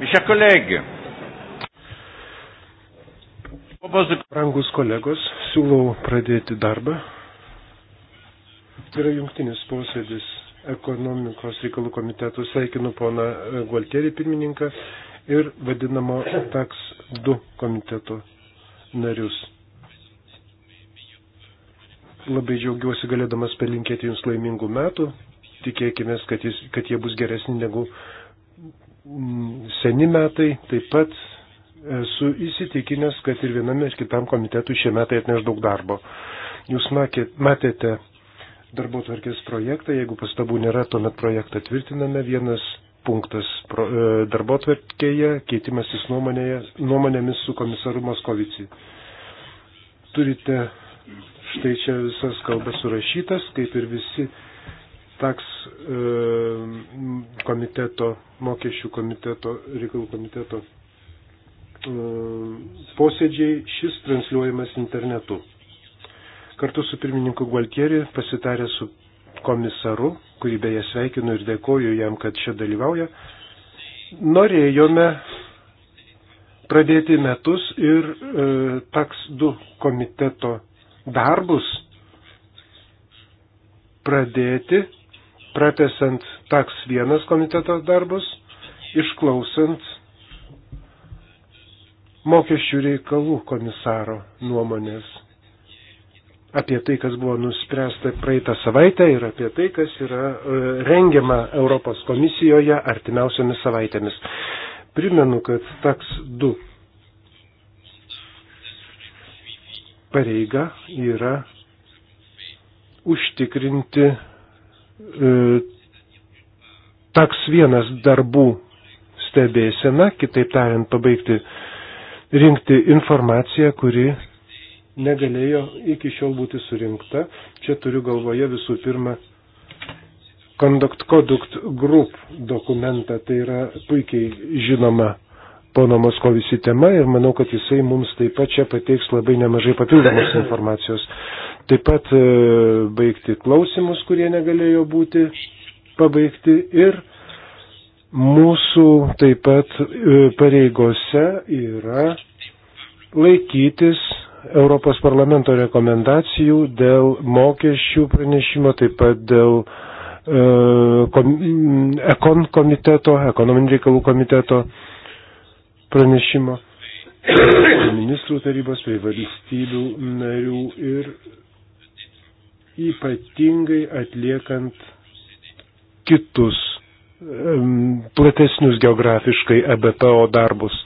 Mes chers collègues, Brangus kolegos, siūlau pradėti darbą. Tai yra jungtinis posėdis ekonomikos reikalų komitetų. Sveikinu poną Gualterį pirmininką ir vadinamo TAX 2 komiteto narius. Labai džiaugiuosi galėdamas palinkėti jums laimingų metų. Tikėkime, kad, jis, kad jie bus geresni negu Mm, seni metai, taip pat esu įsitikinęs, kad ir viename ir kitam komitetui šie metai atneš daug darbo. Jūs matėte darbo tvarkės projektą, jeigu pastabų nėra, tuomet projektą tvirtiname. Vienas punktas e, darbo tvarkėje, keitimasis nuomonėmis su komisaru Moskovici. Turite štai čia visas kalbas surašytas, kaip ir visi taks e, komiteto, mokesčių komiteto, reikalų komiteto e, posėdžiai, šis transliuojamas internetu. Kartu su pirmininku Gualtieri pasitarė su komisaru, kurį beje sveikinu ir dėkoju jam, kad čia dalyvauja, norėjome pradėti metus ir e, taks 2 komiteto darbus pradėti pratesant taks vienas komiteto darbus, išklausant mokesčių reikalų komisaro nuomonės apie tai, kas buvo nuspręsta praeitą savaitę ir apie tai, kas yra e, rengiama Europos komisijoje artimiausiamis savaitėmis. Primenu, kad taks 2 pareiga yra užtikrinti E, taks vienas darbų stebėsena, kitaip tariant, pabaigti rinkti informaciją, kuri negalėjo iki šiol būti surinkta. Čia turiu galvoje visų pirma Conduct Conduct Group dokumentą, tai yra puikiai žinoma pono Moskovisi tema ir manau, kad jisai mums taip pat čia pateiks labai nemažai papildomos informacijos. Taip pat e, baigti klausimus, kurie negalėjo būti pabaigti ir mūsų taip pat e, pareigose yra laikytis Europos parlamento rekomendacijų dėl mokesčių pranešimo, taip pat dėl e, kom, ekon komiteto, ekonominių reikalų komiteto e, pranešimo ministrų tarybos bei valstybių narių ir ypatingai atliekant kitus platesnius geografiškai EBPO darbus.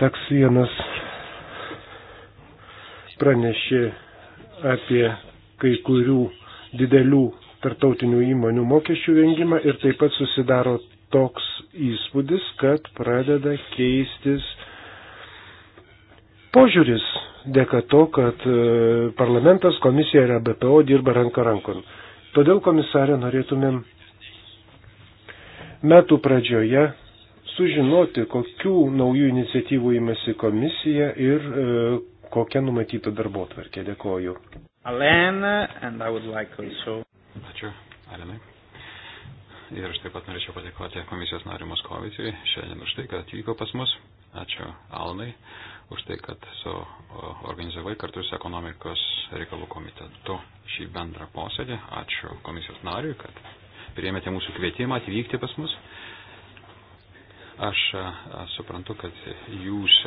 Taks vienas pranešė apie kai kurių didelių tartautinių įmonių mokesčių vengimą ir taip pat susidaro toks įspūdis, kad pradeda keistis požiūris dėka to, kad e, parlamentas, komisija ir ABPO dirba ranka rankon. Todėl, komisarė, norėtumėm metų pradžioje sužinoti, kokių naujų iniciatyvų įmasi komisija ir e, kokia numatyta darbo tvarkė. Dėkoju. Alena, and I would like also. Ačiū, Alenai. Ir aš taip pat norėčiau padėkoti komisijos nariu Moskoviciui šiandien už tai, kad atvyko pas mus. Ačiū Alnai už tai, kad su organizavai kartu su ekonomikos reikalų komitetu šį bendrą posėdį. Ačiū komisijos nariui, kad priėmėte mūsų kvietimą atvykti pas mus. Aš suprantu, kad jūs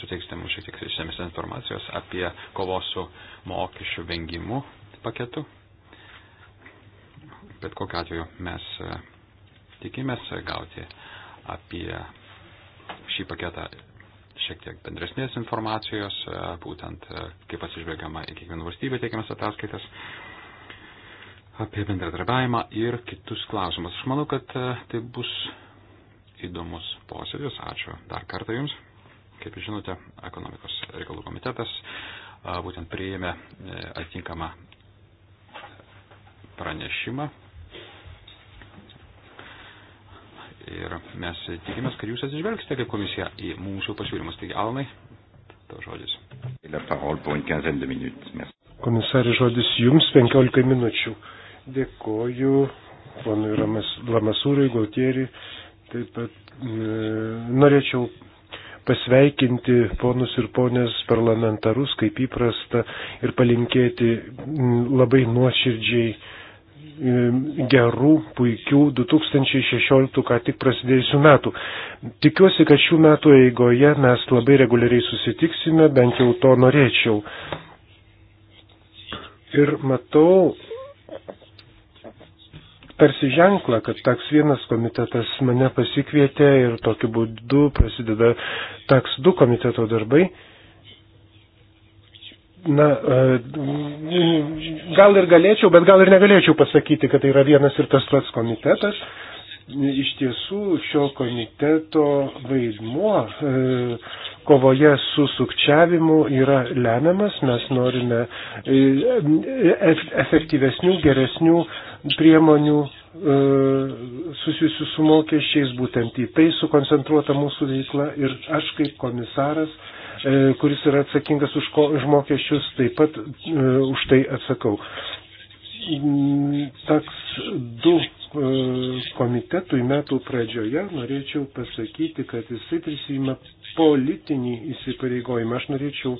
suteiksite mums šiek tiek išsamesnės informacijos apie kovos su mokesčių vengimu paketu Bet kokiu atveju mes e, tikimės gauti apie šį paketą šiek tiek bendresnės informacijos, e, būtent e, kaip atsižvelgiama į kiekvieną valstybę teikiamas ataskaitas apie bendradarbiavimą ir kitus klausimus. Aš manau, kad tai bus įdomus posėdis. Ačiū dar kartą Jums. Kaip žinote, ekonomikos reikalų komitetas būtent priėmė atitinkamą pranešimą Ir mes tikimės, kad jūs atsižvelgsite kaip komisija į mūsų pasiūlymus. Taigi, Alnai, tavo žodis. Komisarė, žodis jums 15 minučių. Dėkoju ponui Lamasūrai, Gautieriui. Taip pat e, norėčiau pasveikinti ponus ir ponės parlamentarus, kaip įprasta, ir palinkėti labai nuoširdžiai E, gerų, puikių 2016 ką tik prasidėjusių metų. Tikiuosi, kad šių metų eigoje mes labai reguliariai susitiksime, bent jau to norėčiau. Ir matau tarsi ženklą, kad taks vienas komitetas mane pasikvietė ir tokiu būdu prasideda taks du komiteto darbai. Na, e, gal ir galėčiau, bet gal ir negalėčiau pasakyti, kad tai yra vienas ir tas pats komitetas. Iš tiesų šio komiteto vaidmuo e, kovoje su sukčiavimu yra lemiamas. Mes norime e, efektyvesnių, geresnių priemonių susijusių su mokesčiais, būtent į tai sukoncentruota mūsų veikla ir aš kaip komisaras E, kuris yra atsakingas už, ko, už mokesčius, taip pat e, už tai atsakau. Taks du e, komitetui metų pradžioje norėčiau pasakyti, kad jisai prisima politinį įsipareigojimą. Aš norėčiau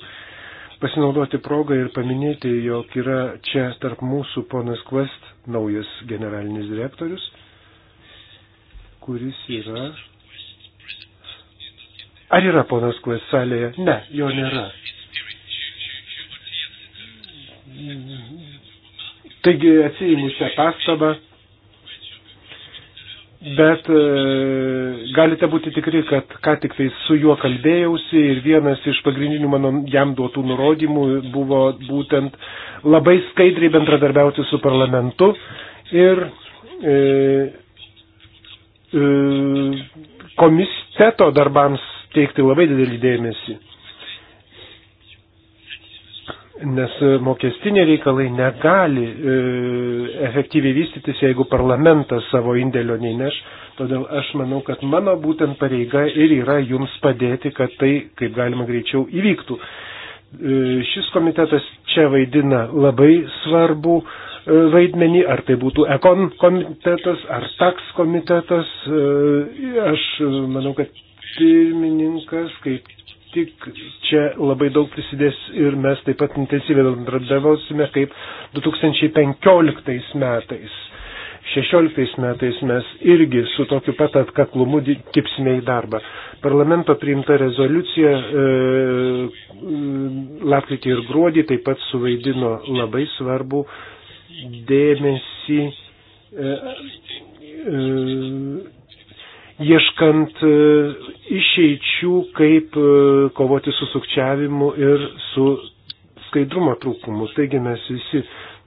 pasinaudoti progą ir paminėti, jog yra čia tarp mūsų ponas Quest, naujas generalinis direktorius, kuris yra Ar yra ponas Kuės salėje? Ne, jo nėra. Taigi atsijimu šią pastabą, bet e, galite būti tikri, kad ką tik tai su juo kalbėjausi ir vienas iš pagrindinių mano jam duotų nurodymų buvo būtent labai skaidriai bendradarbiauti su parlamentu ir e, e, komisteto darbams teikti labai didelį dėmesį, nes mokestiniai reikalai negali e, efektyviai vystytis, jeigu parlamentas savo indėlio neįneš. Todėl aš manau, kad mano būtent pareiga ir yra jums padėti, kad tai kaip galima greičiau įvyktų. E, šis komitetas čia vaidina labai svarbu e, vaidmenį, ar tai būtų ekon komitetas, ar taks komitetas. E, aš manau, kad pirmininkas, kaip tik čia labai daug prisidės ir mes taip pat intensyviai bendradarbiausime kaip 2015 metais. 16 metais mes irgi su tokiu pat atkaklumu kipsime į darbą. Parlamento priimta rezoliucija e, lapkritį ir gruodį taip pat suvaidino labai svarbu dėmesį e, e, ieškant e, išeičių, kaip e, kovoti su sukčiavimu ir su skaidrumo trūkumu. Taigi mes visi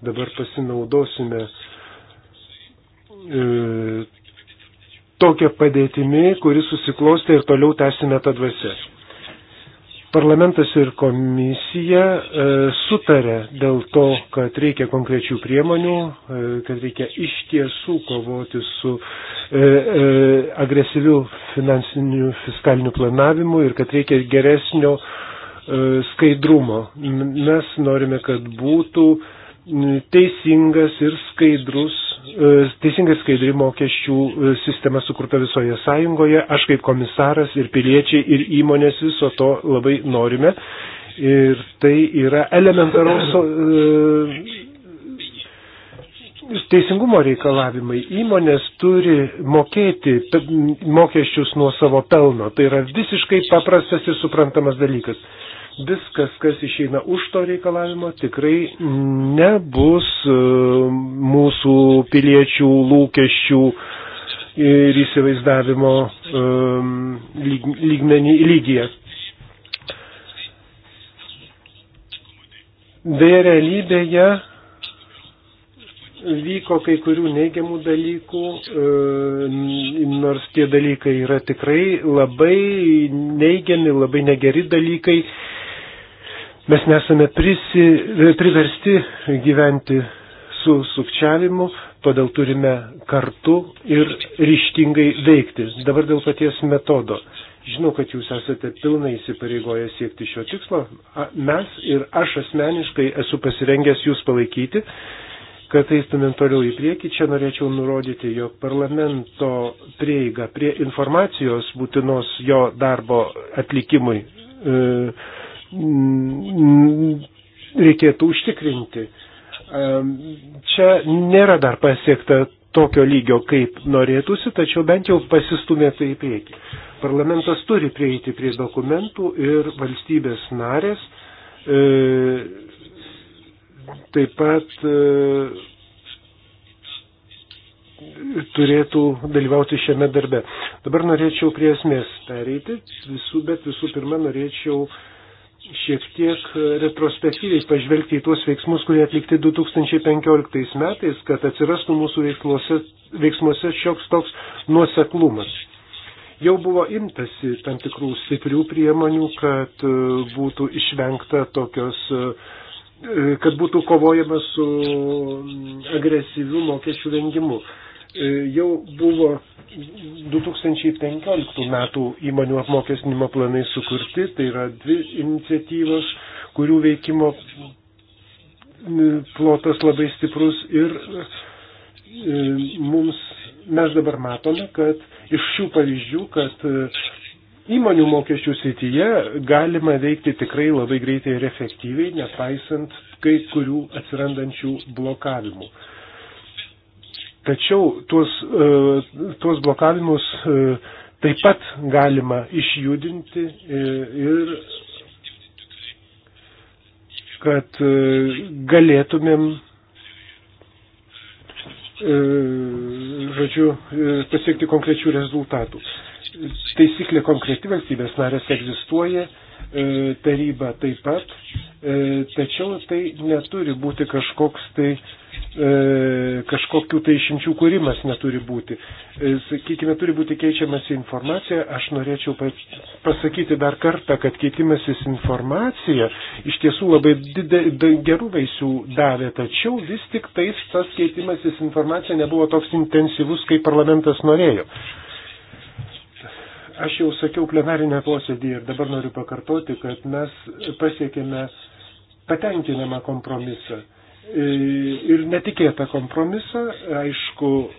dabar pasinaudosime e, tokią padėtimį, kuri susiklostė ir toliau tęsime tą dvasę. Parlamentas ir komisija e, sutarė dėl to, kad reikia konkrečių priemonių, e, kad reikia iš tiesų kovoti su E, e, agresyvių finansinių fiskalinių planavimų ir kad reikia geresnio e, skaidrumo. Mes norime, kad būtų teisingas ir skaidrus, teisingai skaidri mokesčių sistema sukurta visoje sąjungoje. Aš kaip komisaras ir piliečiai ir įmonės viso to labai norime. Ir tai yra elementaraus teisingumo reikalavimai. Įmonės turi mokėti mokesčius nuo savo pelno. Tai yra visiškai paprastas ir suprantamas dalykas. Viskas, kas išeina už to reikalavimo, tikrai nebus e, mūsų piliečių lūkesčių ir įsivaizdavimo e, lygmenį, lygyje. Deja, realybėje vyko kai kurių neigiamų dalykų, e, nors tie dalykai yra tikrai labai neigiami, labai negeri dalykai. Mes nesame prisi, e, priversti gyventi su sukčiavimu, todėl turime kartu ir ryštingai veikti. Dabar dėl paties metodo. Žinau, kad jūs esate pilnai įsipareigoję siekti šio tikslo. Mes ir aš asmeniškai esu pasirengęs jūs palaikyti. Kad eistumėm toliau į priekį, čia norėčiau nurodyti, jog parlamento prieiga prie informacijos būtinos jo darbo atlikimui e, reikėtų užtikrinti. E, čia nėra dar pasiekta tokio lygio, kaip norėtųsi, tačiau bent jau pasistumėta į priekį. Parlamentas turi prieiti prie dokumentų ir valstybės narės e, taip pat e, turėtų dalyvauti šiame darbe. Dabar norėčiau prie esmės pereiti, visų, bet visų pirma norėčiau šiek tiek retrospektyviai pažvelgti į tuos veiksmus, kurie atlikti 2015 metais, kad atsirastų mūsų veiklose, veiksmuose šioks toks nuoseklumas. Jau buvo imtasi tam tikrų stiprių priemonių, kad e, būtų išvengta tokios uh, kad būtų kovojama su agresyviu mokesčių vengimu. E, jau buvo 2015 metų įmonių apmokestinimo planai sukurti, tai yra dvi iniciatyvos, kurių veikimo plotas labai stiprus ir e, mums mes dabar matome, kad iš šių pavyzdžių, kad Įmonių mokesčių srityje galima veikti tikrai labai greitai ir efektyviai, nepaisant kai kurių atsirandančių blokavimų. Tačiau tuos, e, tuos blokavimus e, taip pat galima išjudinti e, ir kad galėtumėm E, žodžiu, e, pasiekti konkrečių rezultatų. Taisyklė konkreti valstybės narės egzistuoja, e, taryba taip pat, tačiau tai neturi būti kažkoks tai E, kažkokių tai išimčių kūrimas neturi būti. E, sakykime, turi būti keičiamasi informacija. Aš norėčiau pasakyti dar kartą, kad keitimasis informacija iš tiesų labai didel, gerų vaisių davė, tačiau vis tik tais tas keitimasis informacija nebuvo toks intensyvus, kaip parlamentas norėjo. Aš jau sakiau plenarinę posėdį ir dabar noriu pakartoti, kad mes pasiekėme patenkinamą kompromisą E, ir netikėtą kompromisą. Aišku, e,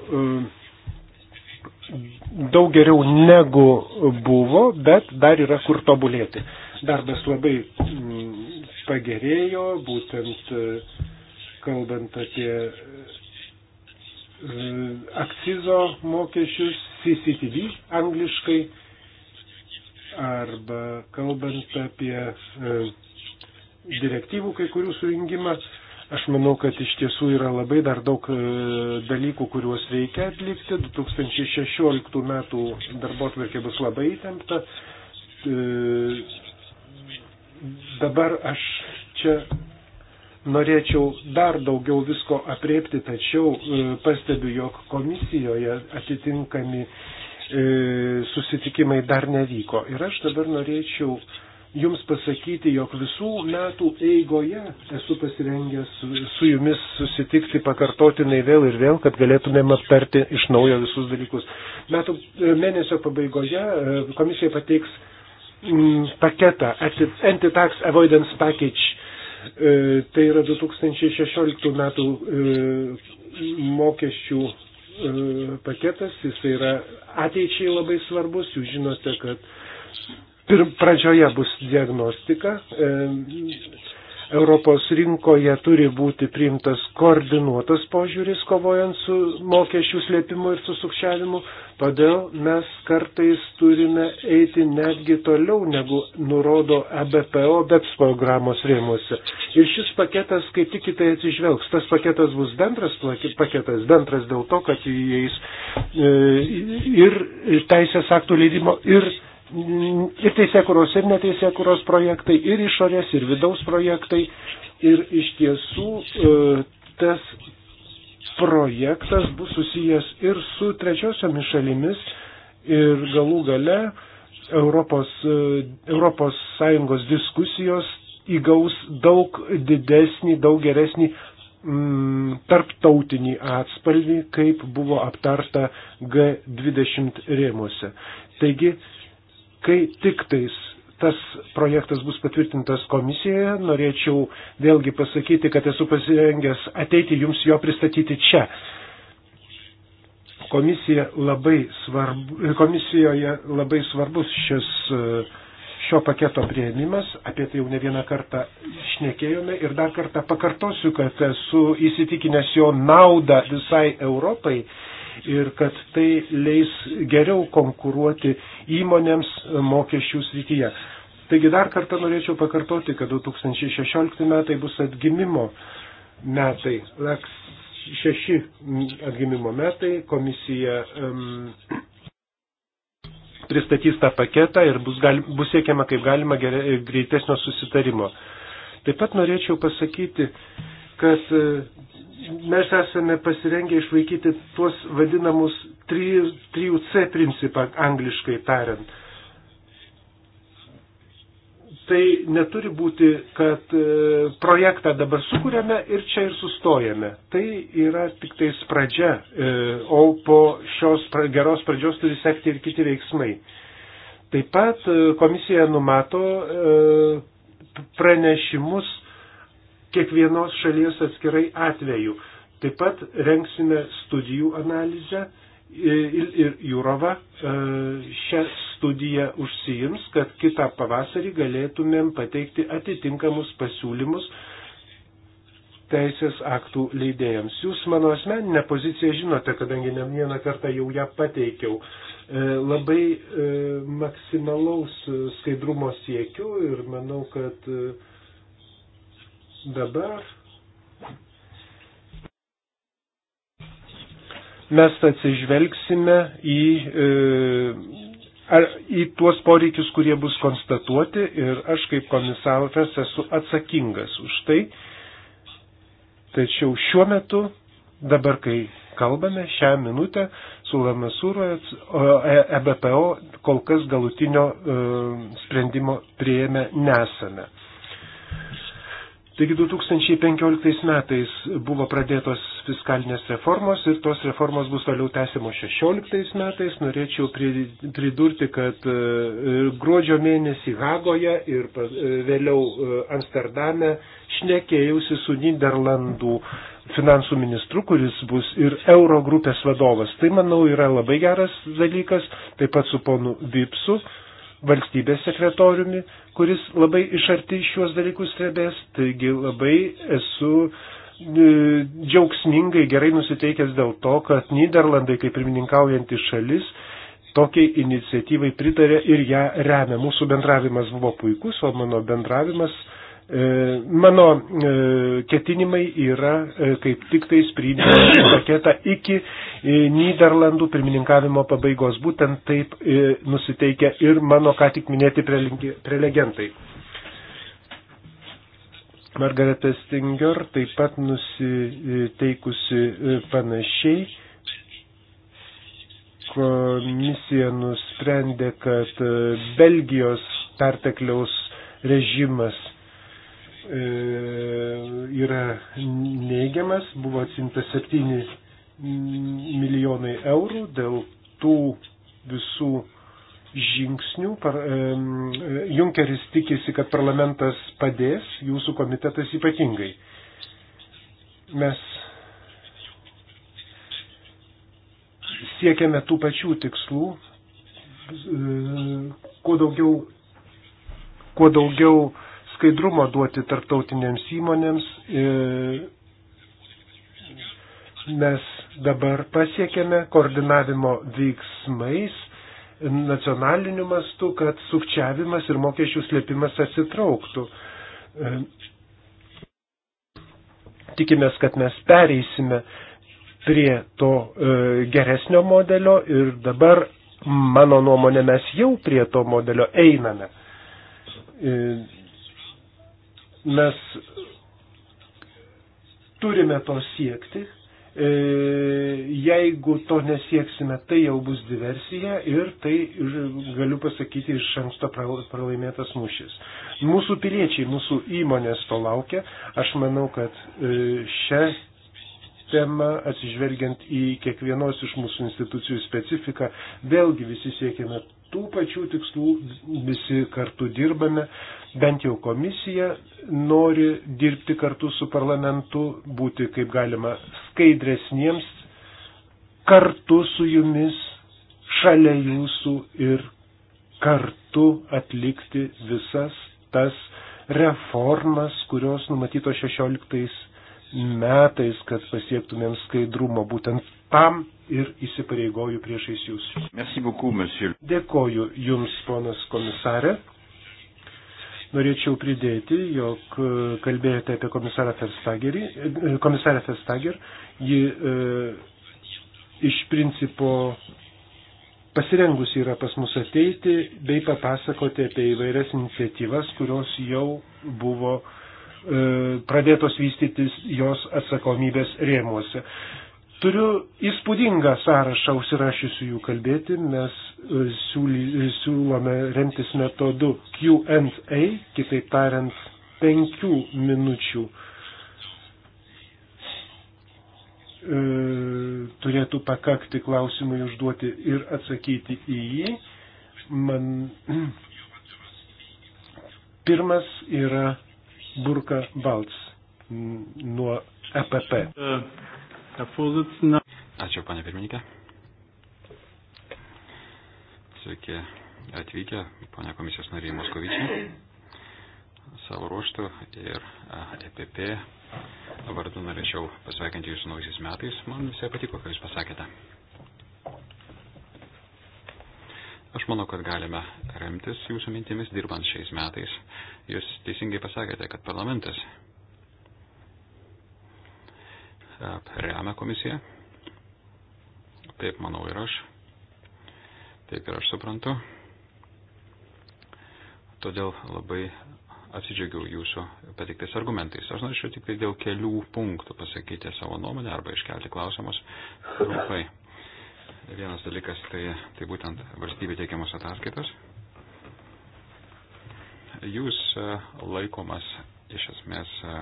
daug geriau negu buvo, bet dar yra kur tobulėti. Darbas labai mm, pagerėjo, būtent e, kalbant apie akcizo mokesčius, CCTV angliškai, arba kalbant apie direktyvų kai kurių sujungimą, Aš manau, kad iš tiesų yra labai dar daug e, dalykų, kuriuos reikia atlikti. 2016 metų darbo atverkė bus labai įtempta. E, dabar aš čia norėčiau dar daugiau visko apriepti, tačiau e, pastebiu, jog komisijoje atitinkami susitikimai dar nevyko. Ir aš dabar norėčiau Jums pasakyti, jog visų metų eigoje esu pasirengęs su, su jumis susitikti pakartotinai vėl ir vėl, kad galėtumėm aptarti iš naujo visus dalykus. Metų e, mėnesio pabaigoje e, komisija pateiks m, mm, paketą Anti-Tax Avoidance Package e, tai yra 2016 metų mokesčių paketas, jis yra ateičiai labai svarbus, jūs žinote, kad Pir, pradžioje bus diagnostika. E, Europos rinkoje turi būti priimtas koordinuotas požiūris kovojant su mokesčių slėpimu ir su sukčiavimu, todėl mes kartais turime eiti netgi toliau, negu nurodo ABPO e BEPS programos rėmuose. Ir šis paketas, kaip tik į tai atsižvelgs, tas paketas bus bendras paketas, bendras dėl to, kad jais e, ir teisės aktų leidimo ir ir teisėkuros, ir neteisėkuros projektai, ir išorės, ir vidaus projektai. Ir iš tiesų e, tas projektas bus susijęs ir su trečiosiomis šalimis, ir galų gale Europos, e, Europos Sąjungos diskusijos įgaus daug didesnį, daug geresnį mm, tarptautinį atspalvį, kaip buvo aptarta G20 rėmuose. Taigi Kai tik tais tas projektas bus patvirtintas komisijoje, norėčiau vėlgi pasakyti, kad esu pasirengęs ateiti jums jo pristatyti čia. Komisija labai svarbu, komisijoje labai svarbus šis šio paketo prieimimas, apie tai jau ne vieną kartą išnekėjome ir dar kartą pakartosiu, kad esu įsitikinęs jo naudą visai Europai ir kad tai leis geriau konkuruoti įmonėms mokesčių srityje. Taigi dar kartą norėčiau pakartoti, kad 2016 metai bus atgimimo metai, šeši atgimimo metai, komisija um, pristatys tą paketą ir bus, gal, bus siekiama kaip galima gerai, greitesnio susitarimo. Taip pat norėčiau pasakyti, uh, kad e, mes esame pasirengę išlaikyti tuos vadinamus 3C principą angliškai tariant. Tai neturi būti, kad e, projektą dabar sukūrėme ir čia ir sustojame. Tai yra tik tais pradžia, e, o po šios geros pradžios turi sekti ir kiti veiksmai. Taip pat komisija numato pranešimus kiekvienos šalies atskirai atveju. Taip pat renksime studijų analizę ir, ir Jūrova e, šią studiją užsijims, kad kitą pavasarį galėtumėm pateikti atitinkamus pasiūlymus teisės aktų leidėjams. Jūs mano asmeninę poziciją žinote, kadangi ne vieną kartą jau ją pateikiau. E, labai e, maksimalaus skaidrumo siekiu ir manau, kad Dabar mes atsižvelgsime į, e, ar, į tuos poreikius, kurie bus konstatuoti ir aš kaip komisaras esu atsakingas už tai. Tačiau šiuo metu, dabar kai kalbame, šią minutę su Lamasūro EBPO e, e kol kas galutinio sprendimo prieėmę nesame. Taigi 2015 metais buvo pradėtos fiskalinės reformos ir tos reformos bus toliau tęsiamos 16 metais. Norėčiau pridurti, kad e, gruodžio mėnesį Hagoje ir e, vėliau e, Amsterdame šnekėjausi su Niderlandų finansų ministru, kuris bus ir Euro grupės vadovas. Tai, manau, yra labai geras dalykas, taip pat su ponu Vipsu valstybės sekretoriumi, kuris labai iš arti šiuos dalykus stebės, taigi labai esu e, džiaugsmingai gerai nusiteikęs dėl to, kad Niderlandai kaip pirmininkaujanti šalis tokiai iniciatyvai pritarė ir ją remia. Mūsų bendravimas buvo puikus, o mano bendravimas uh, E, mano e, ketinimai yra e, kaip tik tai sprydinti paketą iki Niderlandų pirmininkavimo pabaigos. Būtent taip nusiteikia ir mano ką tik minėti prelegentai. Margareta Stinger taip pat nusiteikusi panašiai komisija nusprendė, kad Belgijos pertekliaus režimas E, yra neigiamas, buvo atsimta 7 milijonai eurų dėl tų visų žingsnių. Par, e, Junkeris tikisi, kad parlamentas padės, jūsų komitetas ypatingai. Mes siekiame tų pačių tikslų, e, kuo daugiau, kuo daugiau skaidrumo duoti tarptautinėms įmonėms. E, mes dabar pasiekėme koordinavimo veiksmais nacionaliniu mastu, kad sukčiavimas ir mokesčių slėpimas atsitrauktų. E, tikimės, kad mes pereisime prie to e, geresnio modelio ir dabar, mano nuomonė, mes jau prie to modelio einame Mes turime to siekti. E, jeigu to nesieksime, tai jau bus diversija ir tai, galiu pasakyti, iš anksto pralaimėtas mūšis. Mūsų piliečiai, mūsų įmonės to laukia. Aš manau, kad e, šią sistemą, atsižvelgiant į kiekvienos iš mūsų institucijų specifiką. Vėlgi visi siekiame tų pačių tikslų, visi kartu dirbame, bent jau komisija nori dirbti kartu su parlamentu, būti kaip galima skaidresniems kartu su jumis, šalia jūsų ir kartu atlikti visas tas reformas, kurios numatytos 16 metais, kad pasiektumėm skaidrumo. Būtent tam ir įsipareigoju priešais jūs. Beaucoup, Dėkoju jums, ponas komisarė. Norėčiau pridėti, jog e, kalbėjote apie komisarą Festagerį. E, komisarę Festager, ji e, iš principo pasirengusi yra pas mus ateiti bei papasakoti apie įvairias iniciatyvas, kurios jau buvo e, E, pradėtos vystytis jos atsakomybės rėmuose. Turiu įspūdingą sąrašą užsirašysiu jų kalbėti, mes e, siūly, e, siūlome remtis metodu Q&A, kitaip tariant, penkių minučių e, turėtų pakakti klausimui užduoti ir atsakyti į jį. Man pirmas yra Burka Balts nuo EPP. Ačiū, panė pirmininkė. Sveiki atvykę, panė komisijos nariai Moskovičiai. Savo ruoštų ir EPP e vardu norėčiau pasveikinti jūsų naujaisiais metais. Man visai patiko, ką jūs pasakėte. Aš manau, kad galime remtis jūsų mintimis dirbant šiais metais. Jūs teisingai pasakėte, kad parlamentas e, remia komisiją. Taip manau ir aš. Taip ir aš suprantu. Todėl labai atsidžiaugiau jūsų patiktais argumentais. Aš norėčiau tik tai dėl kelių punktų pasakyti savo nuomonę arba iškelti klausimus trumpai. Vienas dalykas tai, tai būtent valstybė teikiamos ataskaitos. Jūs e, laikomas iš esmės e,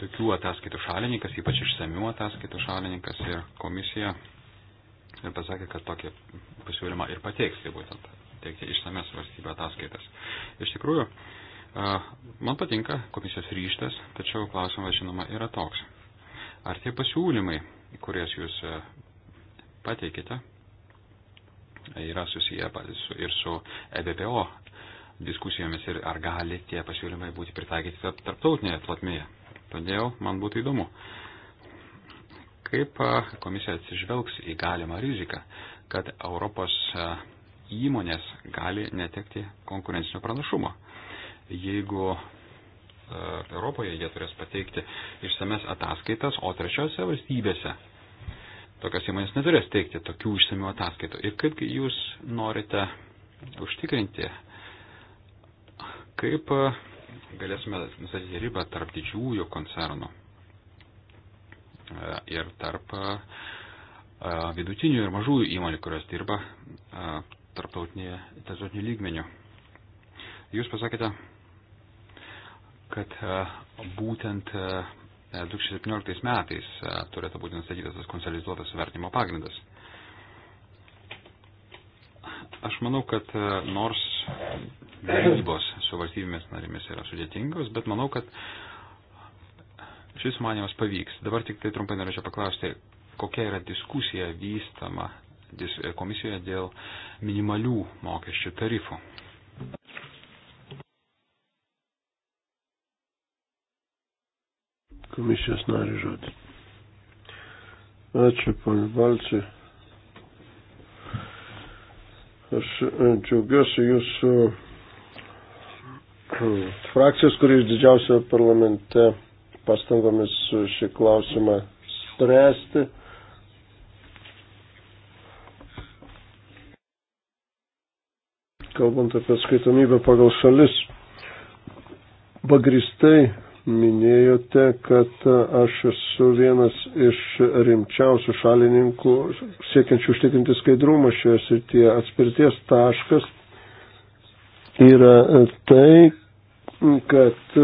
tokių ataskaitų šalininkas, ypač išsamių ataskaitų šalininkas ir komisija ir pasakė, kad tokį pasiūlymą ir pateiks, tai būtent teikti išsames valstybė ataskaitas. Iš tikrųjų, e, man patinka komisijos ryštas, tačiau klausimas, žinoma, yra toks. Ar tie pasiūlymai, kurias jūs pateikite, yra susiję ir su EBPO diskusijomis ir ar gali tie pasiūlymai būti pritaikyti tarptautinėje platmėje. Todėl man būtų įdomu, kaip komisija atsižvelgs į galimą riziką, kad Europos įmonės gali netekti konkurencinio pranašumo. Jeigu Europoje jie turės pateikti išsames ataskaitas, o trečiose valstybėse tokios įmonės neturės teikti tokių išsamių ataskaitų. Ir kaip jūs norite užtikrinti, kaip e, galėsime nustatyti ribą tarp didžiųjų koncernų e, ir tarp e, vidutinių ir mažųjų įmonių, kurios dirba tarptautiniu lygmeniu. Jūs pasakėte, kad būtent 2017 metais e, turėtų būti nustatytas tas konsoliduotas vertimo pagrindas. Aš manau, kad e, nors darybos su valstybėmis narėmis yra sudėtingos, bet manau, kad šis manimas pavyks. Dabar tik tai trumpai norėčiau paklausti, kokia yra diskusija vystama komisijoje dėl minimalių mokesčių tarifų. komisijos narį žodį. Ačiū, ponė Balci. Aš e, džiaugiuosi jūsų e, frakcijos, kuris didžiausio parlamente pastangomis šį klausimą spręsti. Kalbant apie skaitomybę pagal šalis, pagristai minėjote, kad aš esu vienas iš rimčiausių šalininkų siekiančių užtikrinti skaidrumą šioje srityje. Atspirties taškas yra tai, kad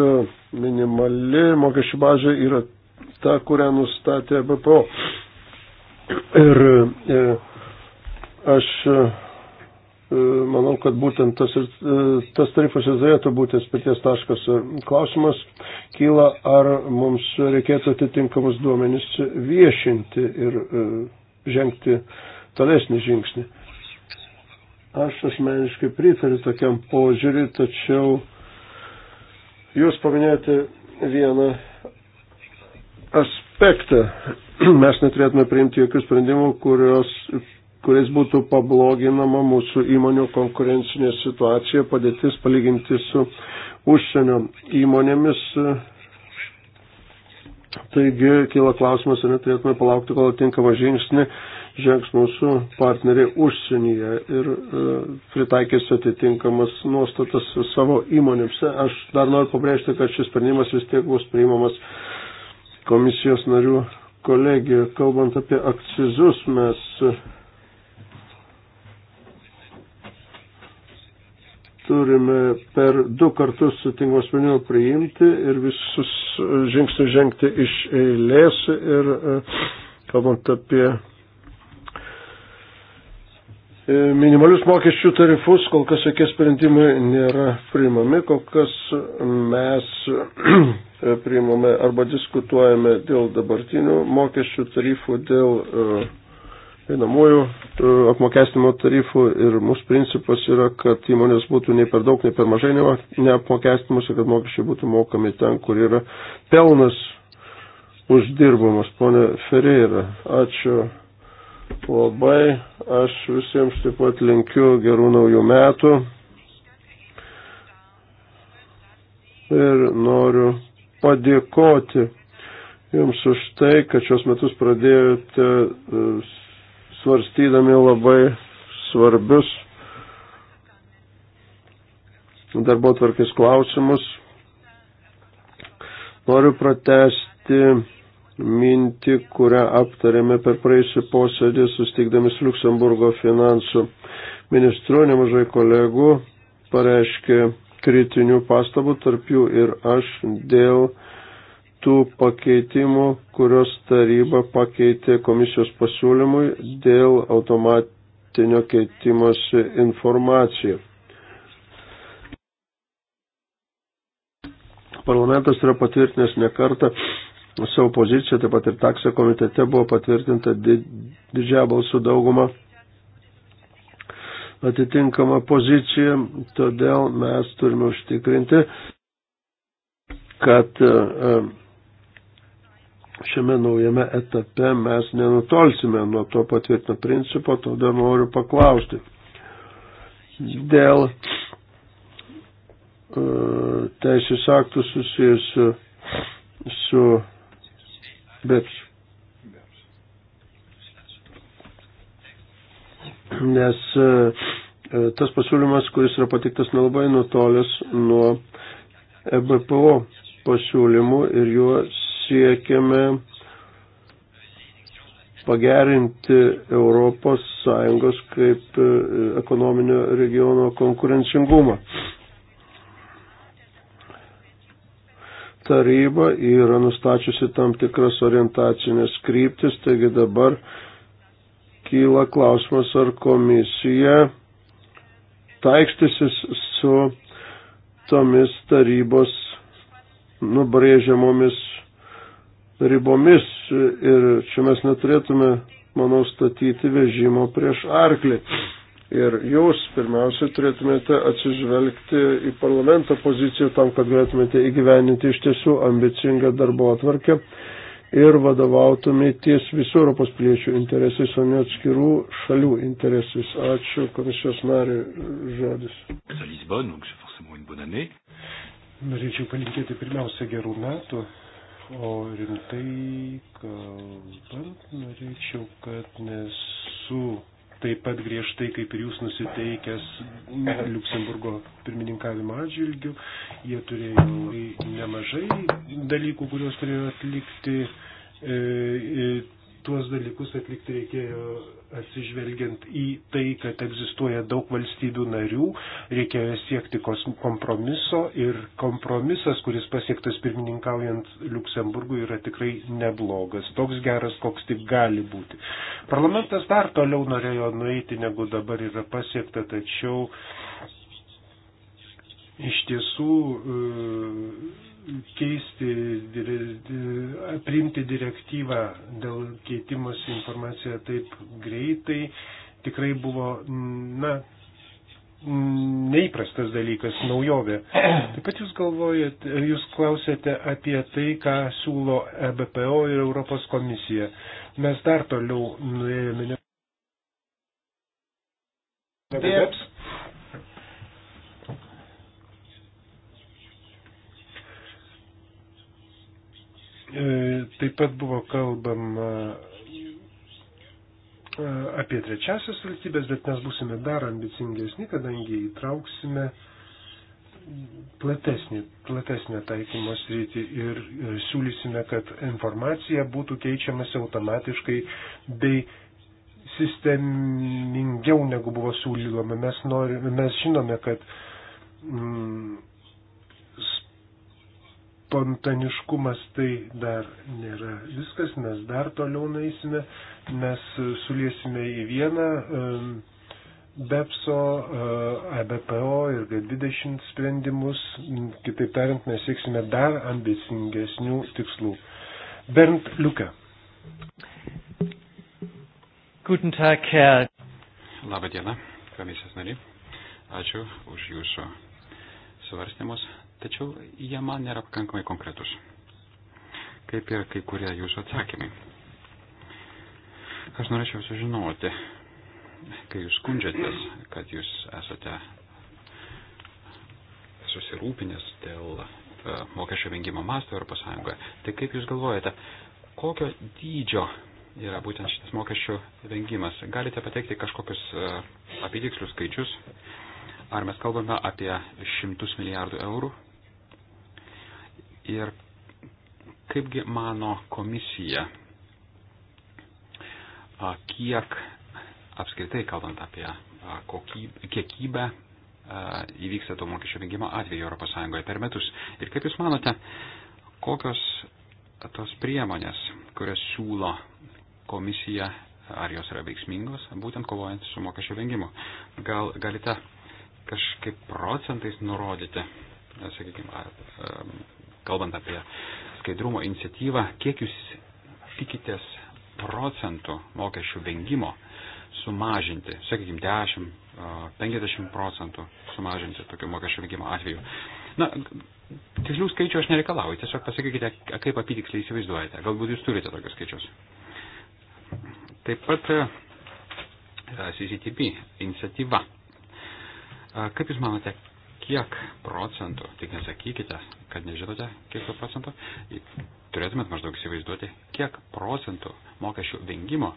minimali mokesčių bazė yra ta, kurią nustatė BPO. Ir e, aš E, manau, kad būtent tas, e, tas tarifas ir turėtų būti spirties taškas. E, klausimas kyla, ar mums reikėtų atitinkamus duomenys viešinti ir žengti tolesnį žingsnį. Aš asmeniškai pritariu tokiam požiūriui, tačiau jūs paminėjote vieną aspektą. Mes neturėtume priimti jokių sprendimų, kurios kuriais būtų pabloginama mūsų įmonių konkurencinė situacija, padėtis palyginti su užsienio įmonėmis. Taigi kyla klausimas, ar neturėtume palaukti, kol tinkamą žingsnį žengs mūsų partneriai užsienyje ir e, pritaikys atitinkamas nuostatas savo įmonėms. Aš dar noriu pabrėžti, kad šis sprendimas vis tiek bus priimamas komisijos narių kolegijoje. Kalbant apie akcizus, mes turime per du kartus sutinkamą sprendimą priimti ir visus žingsnius žengti iš eilės ir e, kalbant apie e, minimalius mokesčių tarifus, kol kas jokie sprendimai nėra priimami, kol kas mes e, priimame arba diskutuojame dėl dabartinių mokesčių tarifų, dėl uh, einamųjų e, apmokestinimo tarifų ir mūsų principas yra, kad įmonės būtų nei per daug, nei per mažai neapmokestinimus ir kad mokesčiai būtų mokami ten, kur yra pelnas uždirbamas. Pone Ferreira, ačiū labai. Aš visiems taip pat linkiu gerų naujų metų. Ir noriu padėkoti Jums už tai, kad šios metus pradėjote e, svarstydami labai svarbius darbo tvarkės klausimus. Noriu pratesti mintį, kurią aptarėme per praeisį posėdį, sustikdami su Luxemburgo finansų ministru, nemažai kolegų pareiškė kritinių pastabų, tarp jų ir aš dėl tų pakeitimų, kurios taryba pakeitė komisijos pasiūlymui dėl automatinio keitimosi informaciją. Parlamentas yra patvirtinęs nekartą savo poziciją, taip pat ir taksio komitete buvo patvirtinta didžiąją balsų daugumą atitinkama pozicija, todėl mes turime užtikrinti, kad uh, šiame naujame etape mes nenutolsime nuo to patvirtino principo, tada noriu paklausti. Dėl e, teisės aktų susijusių su BEPS. Nes e, e, tas pasiūlymas, kuris yra patiktas nelabai nutolęs nuo EBPO pasiūlymų ir juo siekiame pagerinti ES kaip e, ekonominio regiono konkurencingumą. Taryba yra nustačiusi tam tikras orientacinės kryptis, taigi dabar kyla klausimas, ar komisija taikstysis su tomis tarybos nubrėžiamomis ribomis ir čia mes neturėtume, manau, statyti vežimo prieš arklį. Ir jūs pirmiausia turėtumėte atsižvelgti į parlamento poziciją tam, kad galėtumėte įgyveninti iš tiesų ambicingą darbo atvarkę ir vadovautumėties visų Europos piliečių interesais, o ne atskirų šalių interesais. Ačiū komisijos nariui žodis. Norėčiau palinkėti pirmiausia gerų metų O rimtai kalbant, norėčiau, kad nesu taip pat griežtai kaip ir jūs nusiteikęs Luksemburgo pirmininkavimo atžvilgių. Jie turėjo nemažai dalykų, kuriuos turėjo atlikti e, e, tuos dalykus atlikti reikėjo atsižvelgiant į tai, kad egzistuoja daug valstybių narių, reikėjo siekti kompromiso ir kompromisas, kuris pasiektas pirmininkaujant Luksemburgui, yra tikrai neblogas, toks geras, koks tik gali būti. Parlamentas dar toliau norėjo nueiti, negu dabar yra pasiekta, tačiau iš tiesų. E, keisti, priimti direktyvą dėl keitimosi informacija taip greitai tikrai buvo, na, neįprastas dalykas, naujovė. Taip pat jūs galvojate, jūs klausėte apie tai, ką siūlo EBPO ir Europos komisija. Mes dar toliau nuėjome. Ne... Taip, Taip pat buvo kalbama e, apie trečiasios valstybės, bet mes būsime dar ambicingesni, kadangi įtrauksime platesnį, platesnę taikymo sritį ir e, siūlysime, kad informacija būtų keičiamasi automatiškai bei sistemingiau negu buvo siūlyloma. Mes, norime, mes žinome, kad mm, spontaniškumas tai dar nėra viskas, mes dar toliau naisime, mes suliesime į vieną BEPSO, e, ABPO ir G20 sprendimus, kitaip tariant, mes sieksime dar ambicingesnių tikslų. Bernd Liuke. Guten Tag, Herr. Labą dieną, komisijos nariai. Ačiū už jūsų svarstymus. Tačiau jie man nėra pakankamai konkretus, kaip ir kai kurie jūsų atsakymai. Aš norėčiau sužinoti, kai jūs skundžiatės, kad jūs esate susirūpinęs dėl e, mokesčio vengimo masto Europos Sąjungoje, tai kaip jūs galvojate, kokio dydžio yra būtent šitas mokesčių vengimas? Galite pateikti kažkokius e, apitikslius skaičius? Ar mes kalbame apie šimtus milijardų eurų ir kaipgi mano komisija, kiek apskritai kalbant apie kokybę, kiekybę įvyksta to mokesčio vengimo atveju ES per metus. Ir kaip Jūs manote, kokios tos priemonės, kurias siūlo komisija, ar jos yra veiksmingos, būtent kovojant su mokesčio vengimu? Gal galite kažkaip procentais nurodyti, sakykime, kalbant apie skaidrumo iniciatyvą, kiek jūs tikitės procentų mokesčių vengimo sumažinti, sakykime, 10, 50 procentų sumažinti tokių mokesčių vengimo atveju. Na, tikslių skaičių aš nereikalauju, tiesiog pasakykite, kaip apytiksliai įsivaizduojate. Galbūt jūs turite tokius skaičius. Taip pat CCTP iniciatyva. Kaip Jūs manote, kiek procentų, tik nesakykite, kad nežinote, kiek procentų, turėtumėt maždaug įsivaizduoti, kiek procentų mokesčių vengimo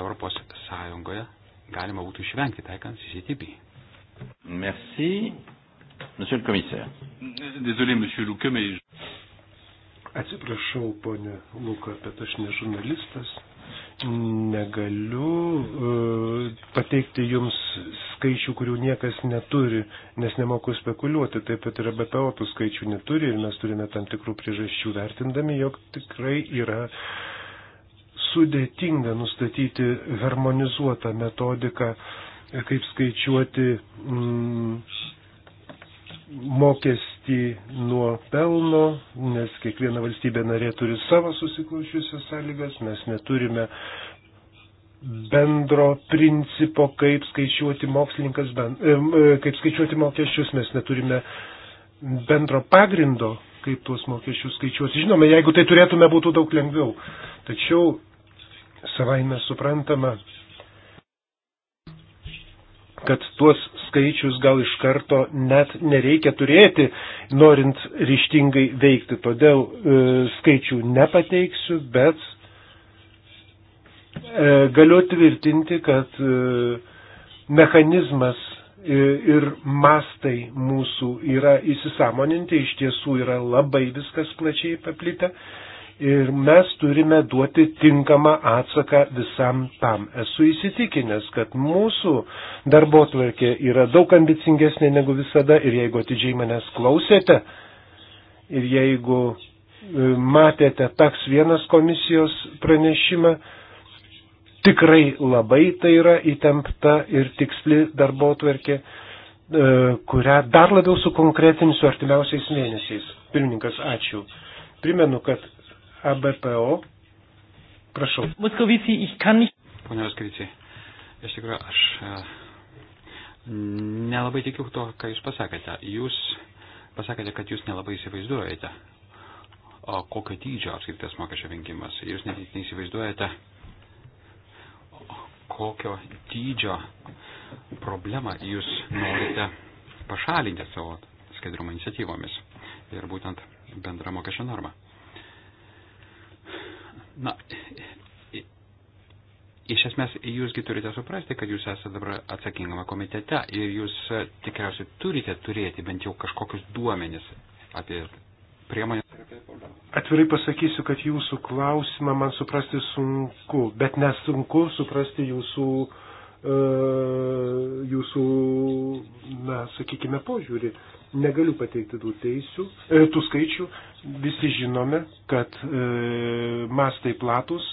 Europos Sąjungoje galima būtų išvengti taikant CCTB. Merci, monsieur le commissaire. Désolé, monsieur Luke, mais... Atsiprašau, ponė Luka, bet aš ne žurnalistas negaliu e, pateikti jums skaičių, kurių niekas neturi, nes nemoku spekuliuoti. Taip pat ir BPO tų skaičių neturi ir mes turime tam tikrų priežasčių vertindami, jog tikrai yra sudėtinga nustatyti harmonizuotą metodiką, kaip skaičiuoti mm, mokestį atskirti nuo pelno, nes kiekviena valstybė narė turi savo susiklošiusias sąlygas, mes neturime bendro principo, kaip skaičiuoti mokslininkas, e, e, kaip skaičiuoti mokesčius, mes neturime bendro pagrindo, kaip tuos mokesčius skaičiuosi. Žinoma, jeigu tai turėtume, būtų daug lengviau. Tačiau savaime suprantama, kad tuos skaičius gal iš karto net nereikia turėti, norint ryštingai veikti. Todėl e, skaičių nepateiksiu, bet e, galiu tvirtinti, kad e, mechanizmas e, ir mastai mūsų yra įsisamoninti, iš tiesų yra labai viskas plačiai paplitę. E, ir mes turime duoti tinkamą atsaką visam tam. Esu įsitikinęs, kad mūsų darbo tvarkė yra daug ambicingesnė negu visada ir jeigu atidžiai manęs klausėte ir jeigu e, matėte taks vienas komisijos pranešimą, tikrai labai tai yra įtempta ir tiksli darbo tvarkė e, kurią dar labiau sukonkretinsiu artimiausiais mėnesiais. Pirmininkas, ačiū. Primenu, kad ABPO. Prašau. Moskovici, ich kann nicht. Pone Moskovici, iš tikrųjų aš e, nelabai tikiu to, ką jūs pasakėte. Jūs pasakėte, kad jūs nelabai įsivaizduojate, o kokio dydžio apskaitas mokesčio vengimas. Jūs net neįsivaizduojate, kokio dydžio problemą jūs norite pašalinti savo skaidrumo iniciatyvomis ir būtent bendra mokesčio norma. Na, iš esmės jūsgi turite suprasti, kad jūs esate dabar atsakingame komitete ir jūs e, tikriausiai turite turėti bent jau kažkokius duomenis apie priemonės. Atvirai pasakysiu, kad jūsų klausimą man suprasti sunku, bet nesunku suprasti jūsų, e, jūsų na, sakykime, požiūrį. Negaliu pateikti tų, teisių, e, tų skaičių. Visi žinome, kad e, mastai platus,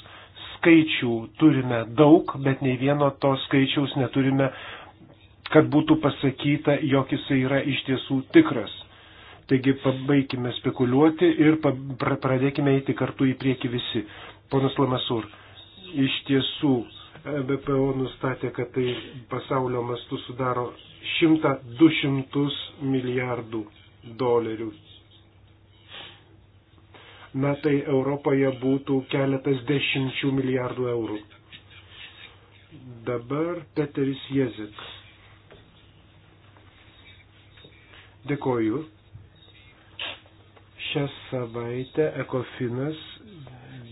skaičių turime daug, bet nei vieno to skaičiaus neturime, kad būtų pasakyta, jog jisai yra iš tiesų tikras. Taigi pabaikime spekuliuoti ir pradėkime eiti kartu į priekį visi. Ponas Lamasur, iš tiesų E BPO nustatė, kad tai pasaulio mastu sudaro 100-200 milijardų dolerių. Na tai Europoje būtų keletas dešimčių milijardų eurų. Dabar Peteris Jezik. Dėkoju. Šią savaitę Ekofinas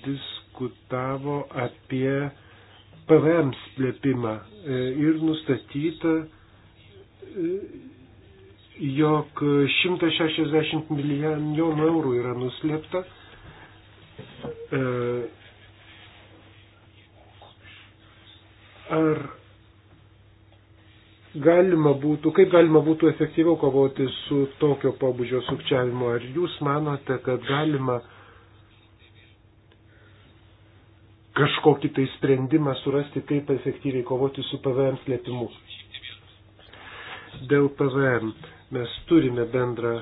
diskutavo apie PVM slėpimą e, ir nustatyta, e, jog 160 milijonų eurų yra nuslėpta. E, ar galima būtų, kaip galima būtų efektyviau kovoti su tokio pobūdžio sukčiavimu? Ar jūs manote, kad galima uh, kažkokį tai sprendimą surasti, kaip efektyviai kovoti su PVM slėpimu. Dėl PVM mes turime bendrą e,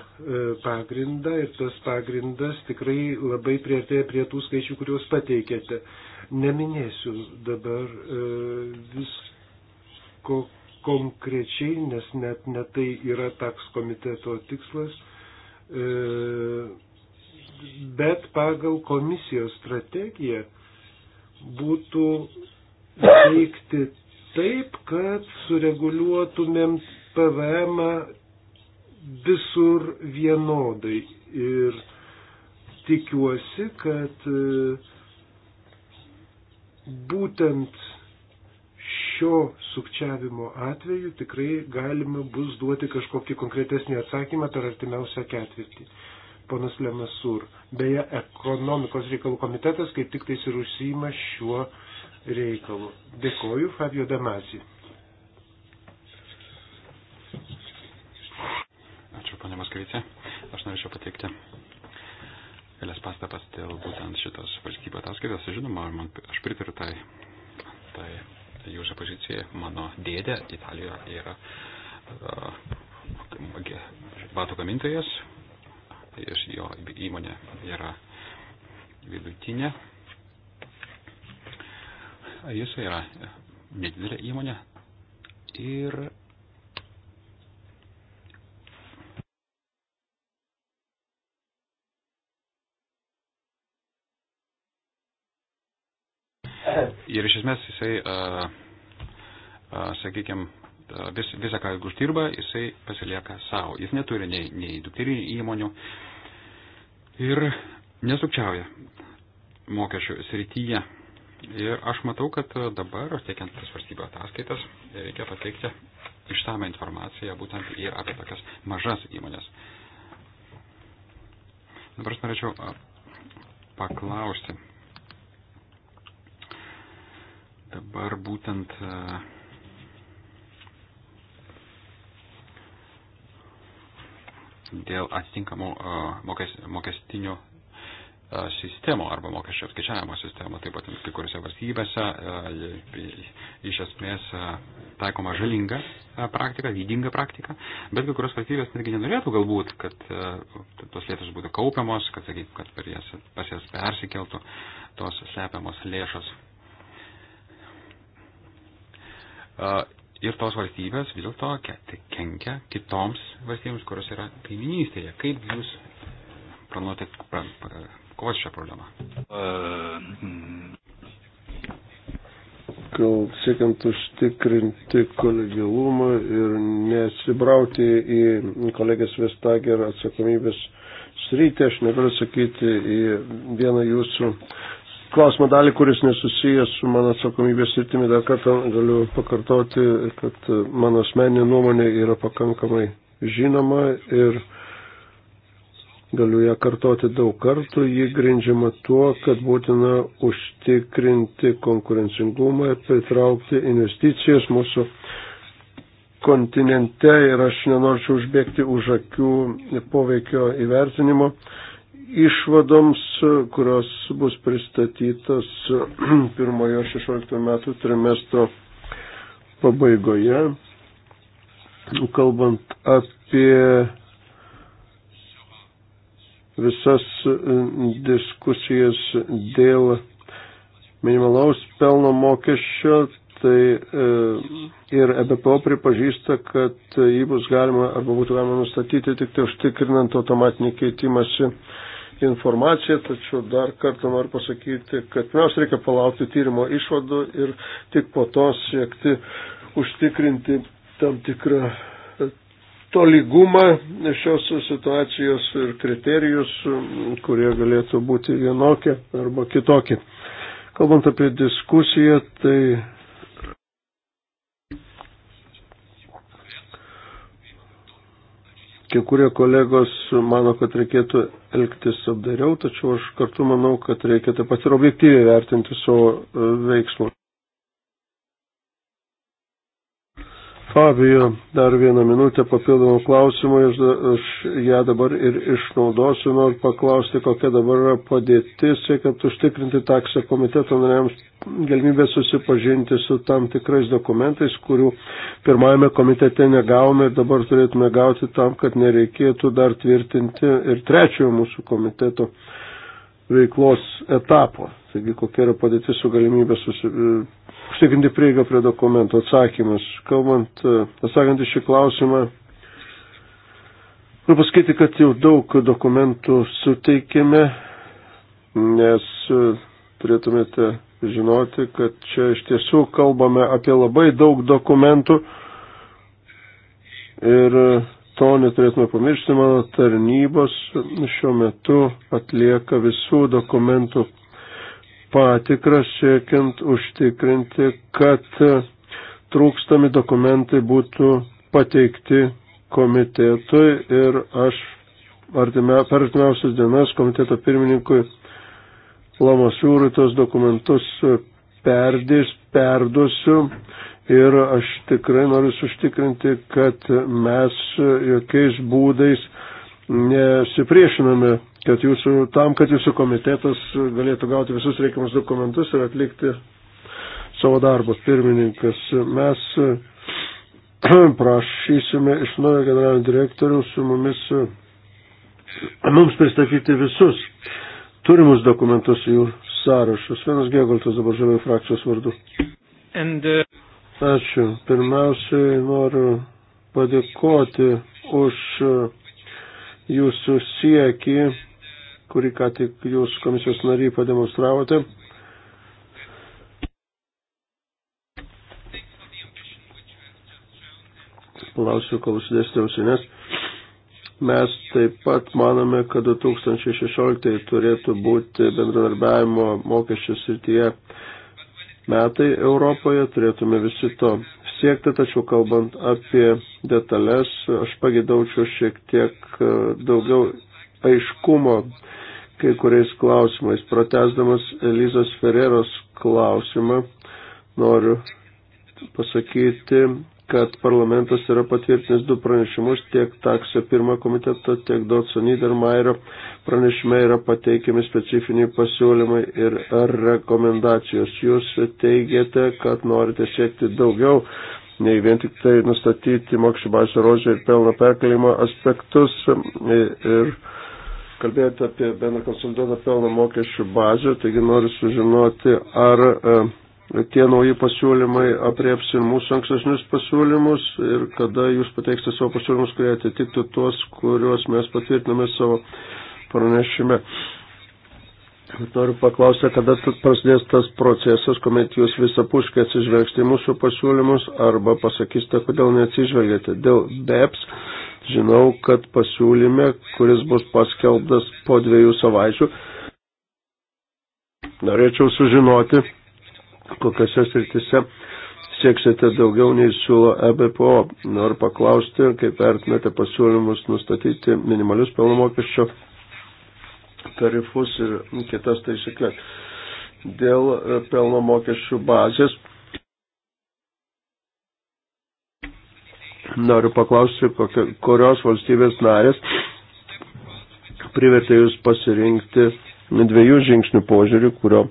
pagrindą ir tas pagrindas tikrai labai prieartėja prie tų skaičių, kuriuos pateikėte. Neminėsiu dabar e, visko konkrečiai, nes net ne tai yra taks komiteto tikslas, e, bet pagal komisijos strategiją būtų veikti taip, kad sureguliuotumėm PVM visur vienodai. Ir tikiuosi, kad e, būtent šio sukčiavimo atveju tikrai galima bus duoti kažkokį konkretesnį atsakymą per artimiausią ketvirtį ponas Lemasur. Beje, ekonomikos reikalų komitetas kaip tik tais ir užsijima šiuo reikalu. Dėkoju, Fabio Damasi. Ačiū, ponė Moskvice. Aš norėčiau pateikti kelias pastabas dėl būtent šitos valstybės ataskaitos. Žinoma, man, aš pritariu tai, tai, tai jūsų pozicijai. Mano dėdė Italijoje yra uh, batų gamintojas, iš jo įmonė yra vidutinė. Jis yra nedidelė įmonė ir Ir iš esmės jisai, sakykime, vis, visą, ką jis uždirba, jisai pasilieka savo. Jis neturi nei, nei dukterinių įmonių ir nesukčiauja mokesčių srityje. Ir aš matau, kad dabar, teikiant tas valstybės ataskaitas, reikia pateikti išsame informaciją būtent ir apie tokias mažas įmonės. Dabar aš norėčiau paklausti. Dabar būtent uh, dėl atitinkamų e, mokes, mokestinių e, sistemų arba mokesčio apskaičiavimo sistemų, taip pat kai kuriuose valstybėse e, iš esmės taikoma žalinga praktika, vydinga praktika, bet kai kurios valstybės netgi nenorėtų galbūt, kad tos lėšos būtų kaupiamos, kad, sakyk, kad per jas, pas jas persikeltų tos slepiamos lėšos. Ir tos valstybės vis dėlto kenkia kitoms valstybėms, kurios yra kaiminystėje. Kaip jūs planuojate kovoti šią problemą? Uh, gal siekiant užtikrinti kolegialumą ir nesibrauti į kolegės Vestager atsakomybės sritį, aš negaliu sakyti į vieną jūsų uh, klausimo dalį, kuris nesusijęs su mano atsakomybės sritimi, dar kartą galiu pakartoti, kad mano asmeninė nuomonė yra pakankamai žinoma ir galiu ją kartoti daug kartų, ji grindžiama tuo, kad būtina užtikrinti konkurencingumą ir pritraukti investicijas mūsų kontinente ir aš nenorčiau užbėgti už akių poveikio įvertinimo išvadoms, kurios bus pristatytos pirmojo 16 metų trimestro pabaigoje, kalbant apie visas e, diskusijas dėl minimalaus pelno mokesčio, tai e, ir EBPO pripažįsta, kad jį bus galima arba būtų galima nustatyti tik tai užtikrinant automatinį keitimąsi pateikti informaciją, tačiau dar kartą noriu pasakyti, kad mes reikia palaukti tyrimo išvadų ir tik po to siekti užtikrinti tam tikrą e, tolygumą šios situacijos ir kriterijus, kurie galėtų būti vienokie arba kitokie. Kalbant apie diskusiją, tai Kai kurie kolegos mano, kad reikėtų elgtis apdariau, tačiau aš kartu manau, kad reikia taip pat ir objektyviai vertinti savo e, veiksmus. Fabija, dar vieną minutę papildomų klausimų, aš, aš ją dabar ir išnaudosiu, noriu paklausti, kokia dabar yra padėtis, siekiant užtikrinti taksą komiteto nariams galimybę susipažinti su tam tikrais dokumentais, kurių pirmajame komitete negavome ir dabar turėtume gauti tam, kad nereikėtų dar tvirtinti ir trečiojo mūsų komiteto veiklos etapo. Taigi, kokia yra padėtis su galimybė susipažinti užtikrinti prieigą prie dokumento. Atsakymas. Kalbant, e, atsakant į šį klausimą, noriu pasakyti, kad jau daug dokumentų suteikėme, nes e, turėtumėte žinoti, kad čia iš tiesų kalbame apie labai daug dokumentų ir e, to neturėtume pamiršti, mano tarnybos šiuo metu atlieka visų dokumentų patikras siekiant užtikrinti, kad trūkstami dokumentai būtų pateikti komitetui ir aš artimia, per artimiausias dienas komiteto pirmininkui Lamasūrui tos dokumentus perdės, perduosiu ir aš tikrai noriu suštikrinti, kad mes jokiais būdais nesipriešiname, kad jūsų, tam, kad jūsų komitetas galėtų gauti visus reikiamus dokumentus ir atlikti savo darbą. Pirmininkas, mes prašysime iš naujo generalinio direktoriaus su mumis, mums pristatyti visus turimus dokumentus jų sąrašus. Vienas Gėgaltas dabar žaliųjų frakcijos vardu. And, uh... Ačiū. Pirmiausiai noriu padėkoti už uh, jūsų siekį, kurį ką tik jūs komisijos nariai pademonstravote. Palausiu, kol užsidėsite ausinės. Mes taip pat manome, kad 2016 turėtų būti bendradarbiavimo mokesčių srityje metai Europoje, turėtume visi to siekti, tačiau kalbant apie detalės, aš pagėdaučiau šiek tiek e, daugiau aiškumo kai kuriais klausimais. Pratesdamas Elizos Ferreros klausimą, noriu pasakyti, kad parlamentas yra patvirtinęs du pranešimus, tiek taksio pirmo komiteto, tiek Dotso Niedermayerio pranešime yra pateikiami specifiniai pasiūlymai ir rekomendacijos. Jūs teigiate, kad norite siekti daugiau, nei vien tik tai nustatyti mokesčių bazę rožę ir pelno perkelimo aspektus. Ir Kalbėjote apie bendrą konsoliduotą pelno mokesčių bazę, taigi noriu sužinoti, ar uh, tie nauji pasiūlymai aprieps ir mūsų ankstesnius pasiūlymus ir kada jūs pateiksite savo pasiūlymus, kurie atitiktų tuos, kuriuos mes patvirtiname savo pranešime. Noriu paklausti, kada prasidės tas procesas, kuomet jūs visapuškai atsižvelgsite į mūsų pasiūlymus arba pasakysite, kodėl neatsižvelgėte. Dėl BEPS žinau, kad pasiūlyme, kuris bus paskelbtas po dviejų savaičių, norėčiau sužinoti, kokiose sritise sieksite daugiau nei siūlo e EBPO. Noriu paklausti, kaip vertinate pasiūlymus nustatyti minimalius pelno mokesčio tarifus ir kitas taisyklės. Dėl pelno mokesčių bazės noriu paklausti, kokio, kurios valstybės narės privertė jūs pasirinkti dviejų žingsnių požiūrį, kurio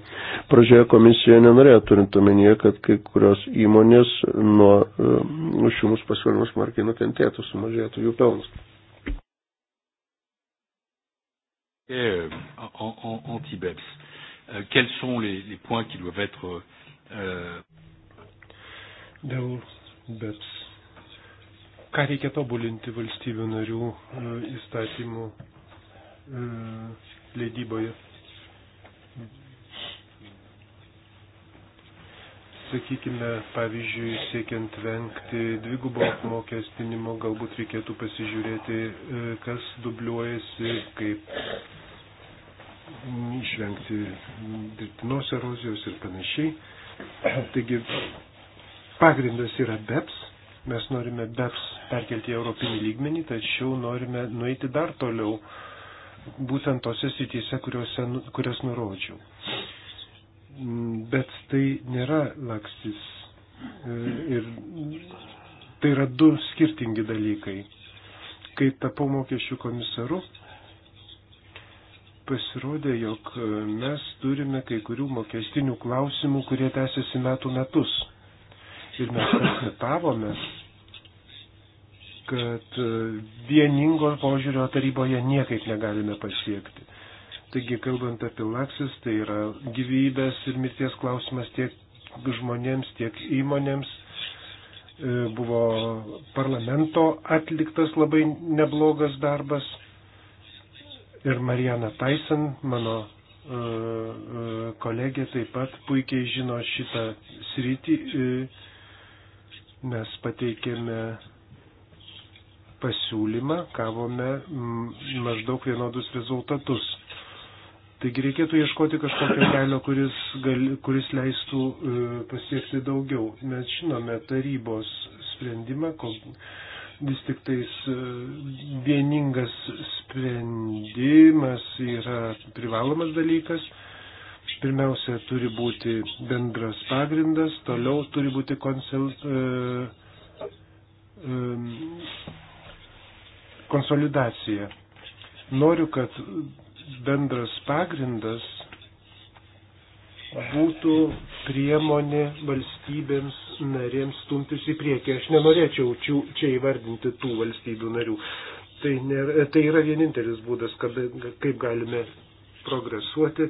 pradžioje komisija nenorėjo, turint omenyje, kad kai kurios įmonės nuo e, šių mūsų pasiūlymų smarkiai nukentėtų, sumažėtų jų pelnas. Euh, en, en, en TIBEPS. Euh, quels sont les, les points qui doivent être. Euh... Dėl BEPS. Ką reikia tobulinti valstybių narių e, įstatymų e, leidyboje? Sakykime, pavyzdžiui, siekiant vengti dvigubo apmokestinimo, galbūt reikėtų pasižiūrėti, e, kas dubliuojasi, kaip išvengti dirbtinos erozijos ir panašiai. Taigi, pagrindas yra BEPS, mes norime BEPS perkelti į europinį lygmenį, tačiau norime nueiti dar toliau, būtent tose srityse, kurios nu, nurodžiau bet tai nėra laksis. E, ir tai yra du skirtingi dalykai. Kai tapau mokesčių komisaru, pasirodė, jog mes turime kai kurių mokestinių klausimų, kurie tęsiasi metų metus. Ir mes konstatavome, kad vieningo požiūrio taryboje niekaip negalime pasiekti. Taigi, kalbant apie laksis, tai yra gyvybės ir mirties klausimas tiek žmonėms, tiek įmonėms. E, buvo parlamento atliktas labai neblogas darbas. Ir Mariana Tyson, mano e, e, kolegė, taip pat puikiai žino šitą sritį. Mes pateikėme pasiūlymą, gavome maždaug vienodus rezultatus. Taigi reikėtų ieškoti kažkokio kelio, kuris, gal, kuris leistų e, pasiekti daugiau. Mes žinome tarybos sprendimą, kol vis tik tais e, vieningas sprendimas yra privalomas dalykas. Pirmiausia, turi būti bendras pagrindas, toliau turi būti konsil, e, e, konsolidacija. Noriu, kad bendras pagrindas būtų priemonė valstybėms narėms stumtis į priekį. Aš nenorėčiau čia įvardinti tų valstybių narių. Tai, nėra, tai yra vienintelis būdas, kad, kaip galime progresuoti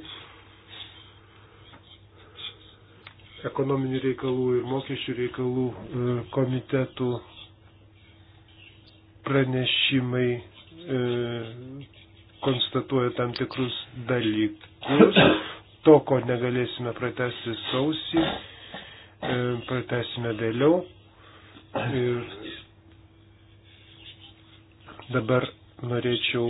ekonominių reikalų ir mokesčių reikalų e, komitetų pranešimai e, konstatuoja tam tikrus dalykus, to, ko negalėsime pratesti sausį, e, pratesime vėliau. Ir dabar norėčiau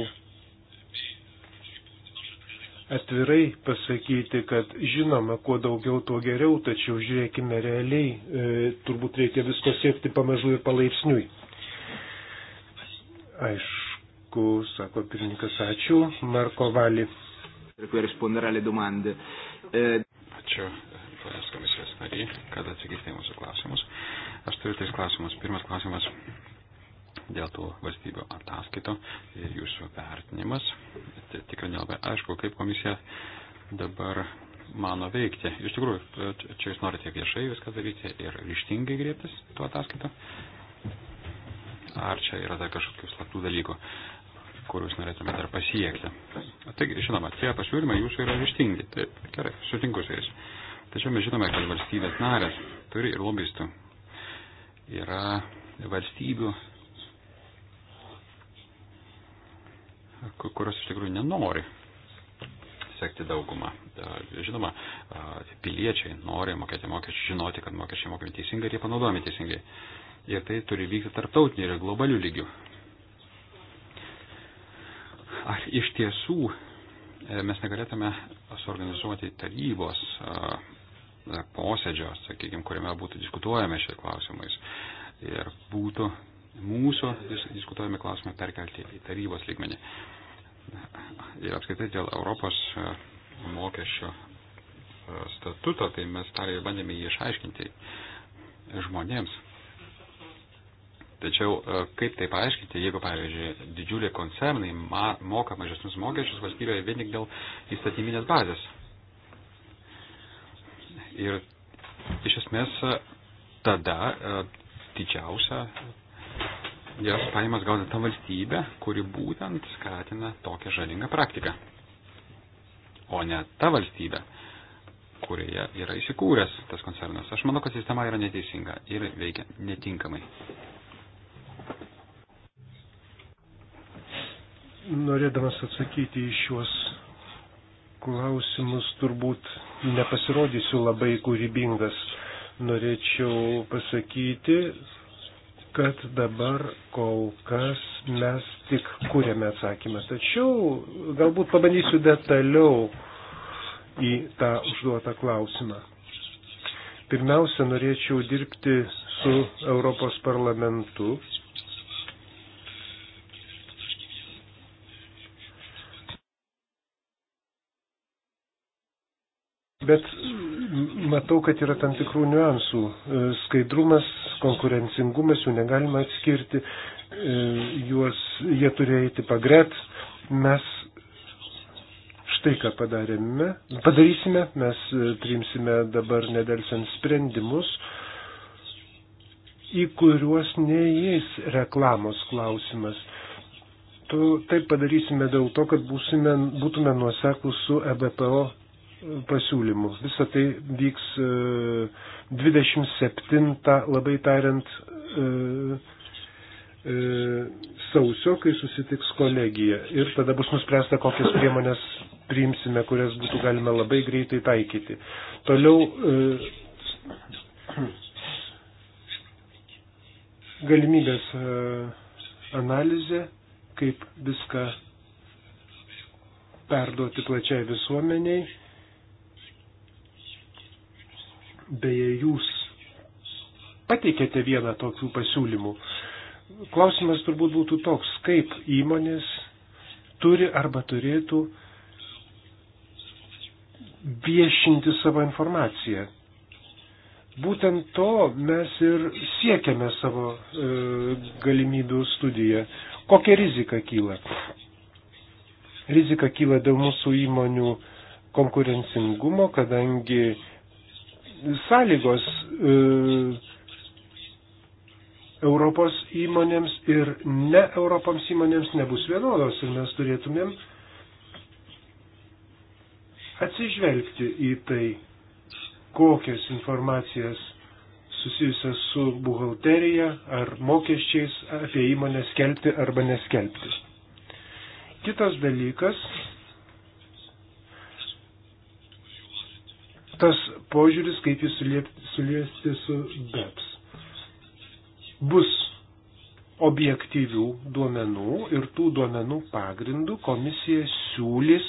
atvirai pasakyti, kad žinoma, kuo daugiau, tuo geriau, tačiau žiūrėkime realiai, e, turbūt reikia visko siekti pamažu ir palaipsniui. Aišku puiku, sako pirmininkas, ačiū. Marko Valį. Eh, ačiū, ponas komisijos nariai, kad atsakysite mūsų klausimus. Aš turiu tris klausimus. Pirmas klausimas dėl tų valstybių ataskaito ir jūsų vertinimas. Tai tikrai nelabai aišku, kaip komisija dabar mano veikti. Iš tikrųjų, čia jūs norite viešai viską daryti ir ryštingai griebtis tuo ataskaitą. Ar čia yra dar kažkokių slaptų dalykų? kur jūs norėtumėte dar pasiekti. Taigi, žinoma, tie pasiūlymai jūsų yra ryštingi. Taip, gerai, sutinku su jais. Tačiau mes žinome, kad valstybės narės turi ir lobistų. Yra valstybių, kurios iš tikrųjų nenori sekti daugumą. Žinoma, piliečiai nori mokėti mokesčius, žinoti, kad mokesčiai mokami teisingai ir jie panaudojami teisingai. Ir tai turi vykti tarptautiniu ir globaliu lygiu ar iš tiesų e, mes negalėtume suorganizuoti tarybos e, posėdžio, sakykime, kuriame būtų diskutuojame šiai klausimais ir būtų mūsų diskutuojami klausimai perkelti į tarybos lygmenį. Ir apskaitai dėl Europos e, mokesčio statuto, tai mes tą ir bandėme jį išaiškinti žmonėms. Tačiau e, kaip tai paaiškinti, jeigu, pavyzdžiui, didžiuliai koncernai ma moka mažesnius mokesčius valstybėje vien tik dėl įstatyminės bazės. Ir iš esmės e, tada e, didžiausia jas pajamas gauna ta valstybė, kuri būtent skatina tokią žalingą praktiką. O ne ta valstybė, kurioje yra įsikūręs tas koncernas. Aš manau, kad sistema yra neteisinga ir veikia netinkamai. Norėdamas atsakyti į šiuos klausimus turbūt nepasirodysiu labai kūrybingas. Norėčiau pasakyti, kad dabar kol kas mes tik kūrėme atsakymą. Tačiau galbūt pabandysiu detaliau į tą užduotą klausimą. Pirmiausia, norėčiau dirbti su Europos parlamentu Bet matau, kad yra tam tikrų niuansų. E, skaidrumas, konkurencingumas, jų negalima atskirti, e, juos, jie turėjo eiti pagret. Mes štai ką padarėme, padarysime, mes e, priimsime dabar nedelsiant sprendimus, į kuriuos neįeis reklamos klausimas. Tu taip padarysime dėl to, kad būsime, būtume nuoseklus su EBPO pasiūlymų. Visą tai vyks 27, e, labai tariant, e, e, sausio, kai susitiks kolegija. Ir tada bus nuspręsta, kokias priemonės priimsime, kurias būtų galima labai greitai taikyti. Toliau galimybės analizė, kaip viską perduoti plačiai visuomeniai Beje, jūs pateikėte vieną tokių pasiūlymų. Klausimas turbūt būtų toks, kaip įmonės turi arba turėtų viešinti savo informaciją. Būtent to mes ir siekiame savo e, galimybių studiją. Kokia rizika kyla? Rizika kyla dėl mūsų įmonių konkurencingumo, kadangi sąlygos e, Europos įmonėms ir ne Europoms įmonėms nebus vienodos ir mes turėtumėm atsižvelgti į tai, kokias informacijas susijusias su buhalterija ar mokesčiais apie įmonę skelbti arba neskelbti. Kitas dalykas, tas požiūris, kaip jis suliesti su BEPS. Bus objektyvių duomenų ir tų duomenų pagrindų komisija siūlys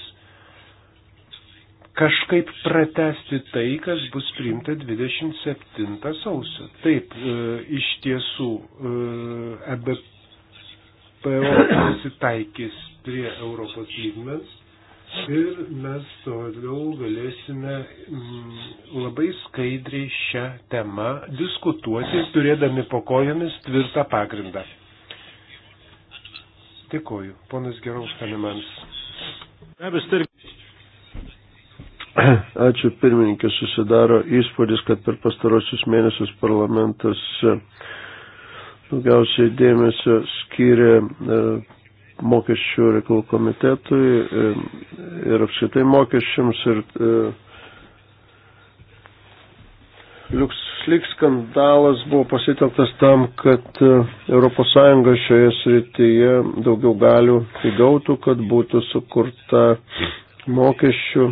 kažkaip pratesti tai, kas bus priimta 27 sausio. Taip, e, iš tiesų e, EBPO prisitaikys prie Europos lygmens ir mes toliau galėsime mm, labai skaidriai šią temą diskutuoti, turėdami po kojomis tvirtą pagrindą. Dėkoju, ponas Geraus Kalimans. Ačiū pirmininkė, susidaro įspūdis, kad per pastarosius mėnesius parlamentas e, daugiausiai dėmesio skiria e, mokesčių reikalų komitetui e, ir apskaitai mokesčiams ir e, LuxLeaks skandalas buvo pasitelktas tam, kad ES šioje srityje daugiau galių įgautų, kad būtų sukurta mokesčių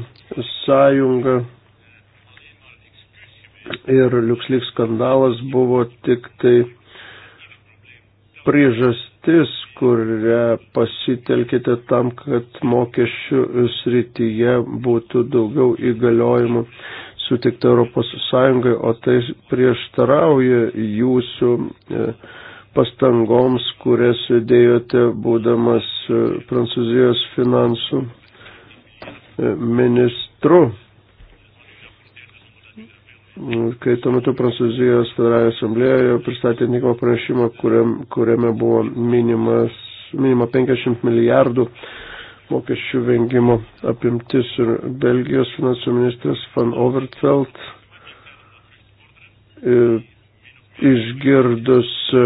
sąjunga. Ir LuxLeaks skandalas buvo tik tai priežastis, kurią pasitelkite tam, kad mokesčių srityje būtų daugiau įgaliojimų sutikta Europos Sąjungai, o tai prieštarauja jūsų e, pastangoms, kurias dėjote būdamas e, Prancūzijos finansų e, ministru kai tuo metu Prancūzijos federalinė asamblėje pristatė Niko prašymą, kuriam, kuriame buvo minimas, minima 50 milijardų mokesčių vengimo apimtis ir Belgijos finansų ministras Van Overtveld e, išgirdus e,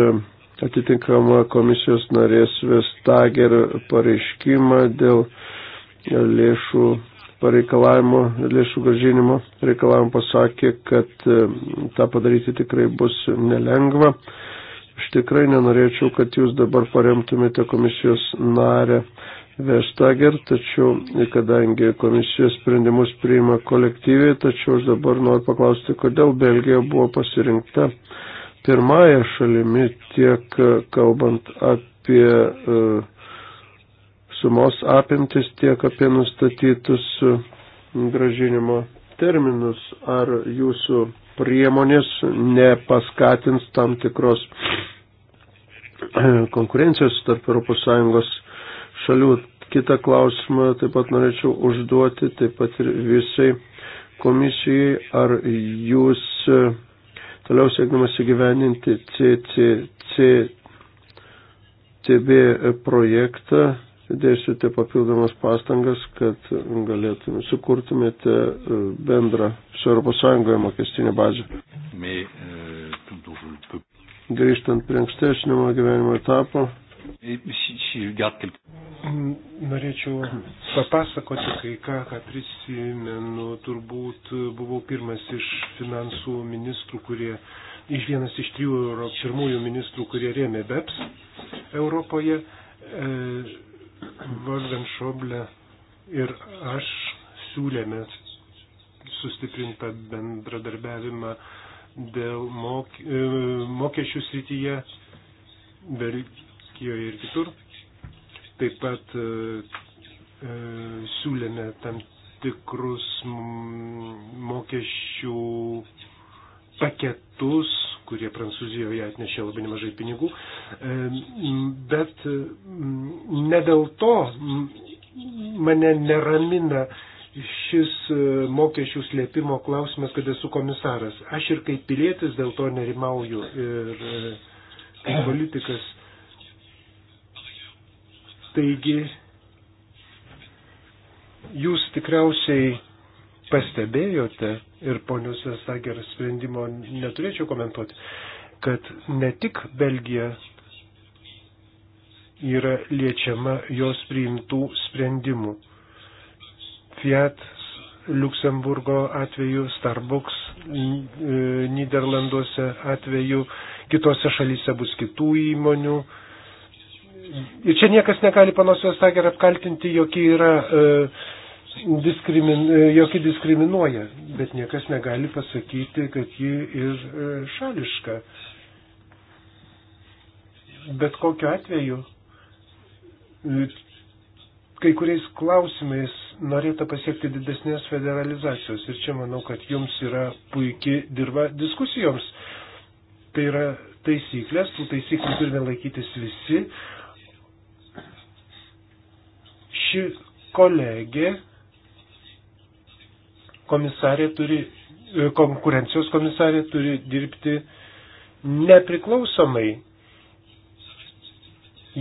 atitinkamą komisijos narės Vestager pareiškimą dėl lėšų pareikalavimo, lėšų gražinimo reikalavimo pasakė, kad e, tą padaryti tikrai bus nelengva. Aš tikrai nenorėčiau, kad jūs dabar paremtumėte komisijos narę Vestager, tačiau kadangi komisijos sprendimus priima kolektyviai, tačiau aš dabar noriu paklausti, kodėl Belgija buvo pasirinkta pirmąją šalimi tiek e, kalbant apie uh, sumos apimtis, tiek apie nustatytus e, gražinimo terminus. Ar jūsų priemonės nepaskatins tam tikros e, konkurencijos tarp ES šalių? Kita klausimą taip pat norėčiau užduoti, taip pat ir visai komisijai, ar jūs e, toliau siekdamas įgyveninti CCCTB projektą dėsite papildomas pastangas, kad galėtume, sukurtumėte e, bendrą su ES mokestinę bazę. Euh, Grįžtant prie ankstesnio mano gyvenimo etapo. Norėčiau papasakoti kai ką, ką prisimenu. Turbūt buvau pirmas iš finansų ministrų, kurie, iš vienas iš trijų Euro, pirmųjų ministrų, kurie rėmė BEPS Europoje. E, Morgan Šoblė ir aš siūlėme sustiprintą bendradarbiavimą dėl mok e, mokesčių srityje, Belgijoje ir kitur. Taip pat e, e siūlėme tam tikrus mokesčių paketus, kurie Prancūzijoje atnešė labai nemažai pinigų. Bet ne dėl to mane neramina šis e, mokesčių slėpimo klausimas, kad esu komisaras. Aš ir kaip pilietis dėl to nerimauju ir e, kaip politikas. Taigi, jūs tikriausiai pastebėjote ir ponios Vestager sprendimo neturėčiau komentuoti, kad ne tik Belgija yra liečiama jos priimtų sprendimų. Fiat Luksemburgo atveju, Starbucks e, Niderlanduose atveju, kitose šalyse bus kitų įmonių. Ir čia niekas negali panos Vestager apkaltinti, jog yra uh, diskrimin, jokį diskriminuoja, bet niekas negali pasakyti, kad ji ir e, šališka. Bet kokiu atveju, e, kai kuriais klausimais norėta pasiekti didesnės federalizacijos ir čia manau, kad jums yra puikiai dirba diskusijoms. Tai yra taisyklės, tų taisyklių turime laikytis visi. Ši kolegė komisarė turi, e, konkurencijos komisarė turi dirbti nepriklausomai.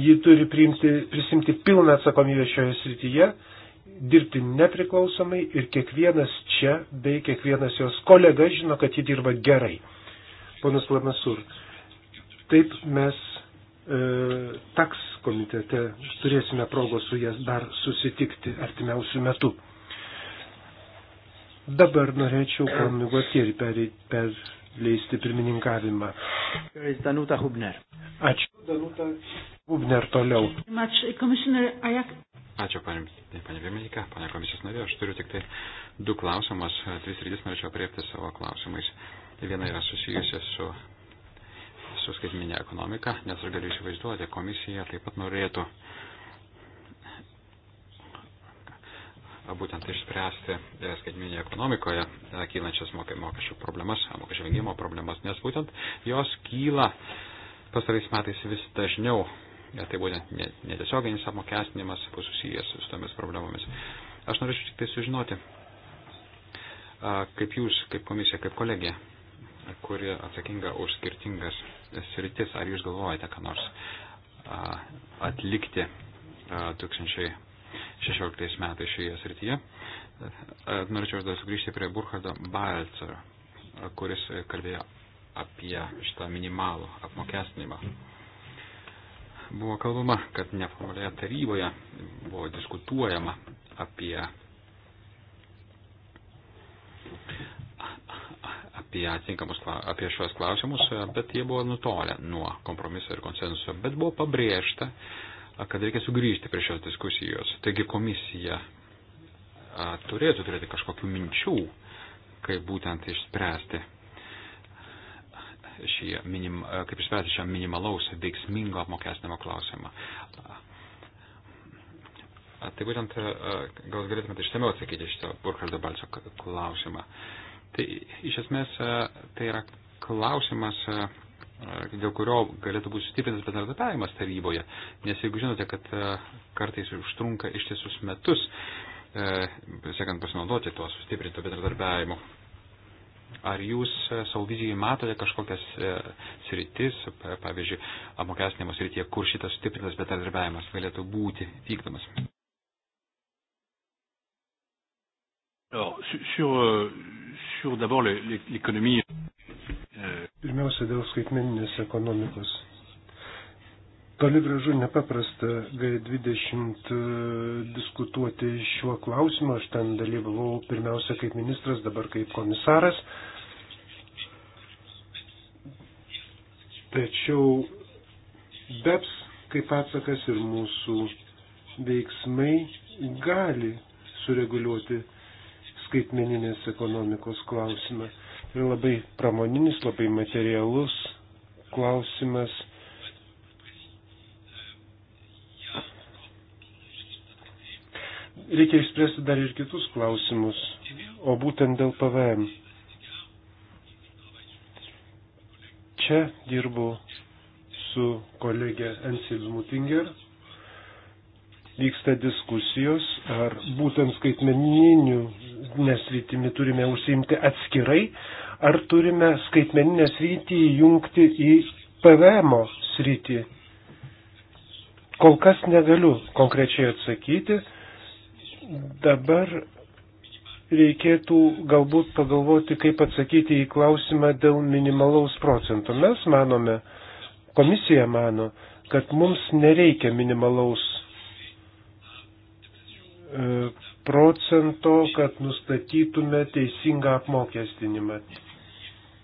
Ji turi priimti, prisimti pilną atsakomybę šioje srityje, dirbti nepriklausomai ir kiekvienas čia bei kiekvienas jos kolega žino, kad ji dirba gerai. Ponas Lamasur, taip mes e, taks komitete turėsime progos su jas dar susitikti artimiausių metų. Dabar norėčiau komunikuoti ir perleisti per pirmininkavimą. Danuta Hubner. Ačiū, Danuta Hubner toliau. Ačiū, panė Vimelika, panė komisijos narė. Aš turiu tik tai du klausimus, tris rytis norėčiau apriepti savo klausimais. Viena yra susijusi su, su skaitminė ekonomika, nes aš galiu įsivaizduoti, komisija taip pat norėtų uh, būtent išspręsti e, skaitmeninėje ekonomikoje e, kylančias mokesčių problemas, mokesčių vengimo problemas, nes būtent jos kyla pastarais metais vis dažniau. Ja, tai būtent netiesioginis apmokestinimas bus susijęs su tomis problemomis. Aš norėčiau tik tai sužinoti, kaip jūs, kaip komisija, kaip kolegija, kuri atsakinga už skirtingas sritis, ar jūs galvojate, ką nors atlikti 2000 16 metais šioje srityje. Norėčiau aš dar sugrįžti prie Burkhardo Balcer, kuris kalbėjo apie šitą minimalų apmokestinimą. Buvo kalbama, kad neformalioje taryboje buvo diskutuojama apie, apie atinkamus apie šios klausimus, bet jie buvo nutolę nuo kompromiso ir konsensuso. Bet buvo pabrėžta, kad reikia sugrįžti prie šios diskusijos. Taigi komisija a, turėtų turėti kažkokių minčių, kaip būtent išspręsti šį, minim, kaip išspręsti šią minimalaus veiksmingo apmokestinimo klausimą. Tai būtent, gal galėtumėte išsameu atsakyti šitą Burkhardo Balso klausimą. Tai iš esmės tai yra klausimas dėl kurio galėtų būti sustiprintas bendradarbiavimas taryboje. Nes jeigu žinote, kad e, kartais užtrunka ištisus metus, e, sekant pasinaudoti tuo sustiprinto bendradarbiavimu, ar jūs e, savo vizijai matote kažkokias sritis, pavyzdžiui, apmokestinimo srityje, kur šitas sustiprintas bendradarbiavimas galėtų būti vykdomas? Alors, sur, euh, sur d'abord l'économie. Pirmiausia, dėl skaitmeninės ekonomikos. Toli gražu nepaprasta G20 e, diskutuoti šiuo klausimu. Aš ten dalyvavau pirmiausia kaip ministras, dabar kaip komisaras. Tačiau BEPS kaip atsakas ir mūsų veiksmai gali sureguliuoti skaitmeninės ekonomikos klausimą yra labai pramoninis, labai materialus klausimas. Reikia išspręsti dar ir kitus klausimus, o būtent dėl PVM. Čia dirbu su kolegė Ensil Mutinger. Vyksta diskusijos, ar būtent skaitmeninių nesrytimi turime užsiimti atskirai, Ar turime skaitmeninę sritį įjungti į PVM sritį? Kol kas negaliu konkrečiai atsakyti. Dabar reikėtų galbūt pagalvoti, kaip atsakyti į klausimą dėl minimalaus procento. Mes manome, komisija mano, kad mums nereikia minimalaus e, procento, kad nustatytume teisingą apmokestinimą.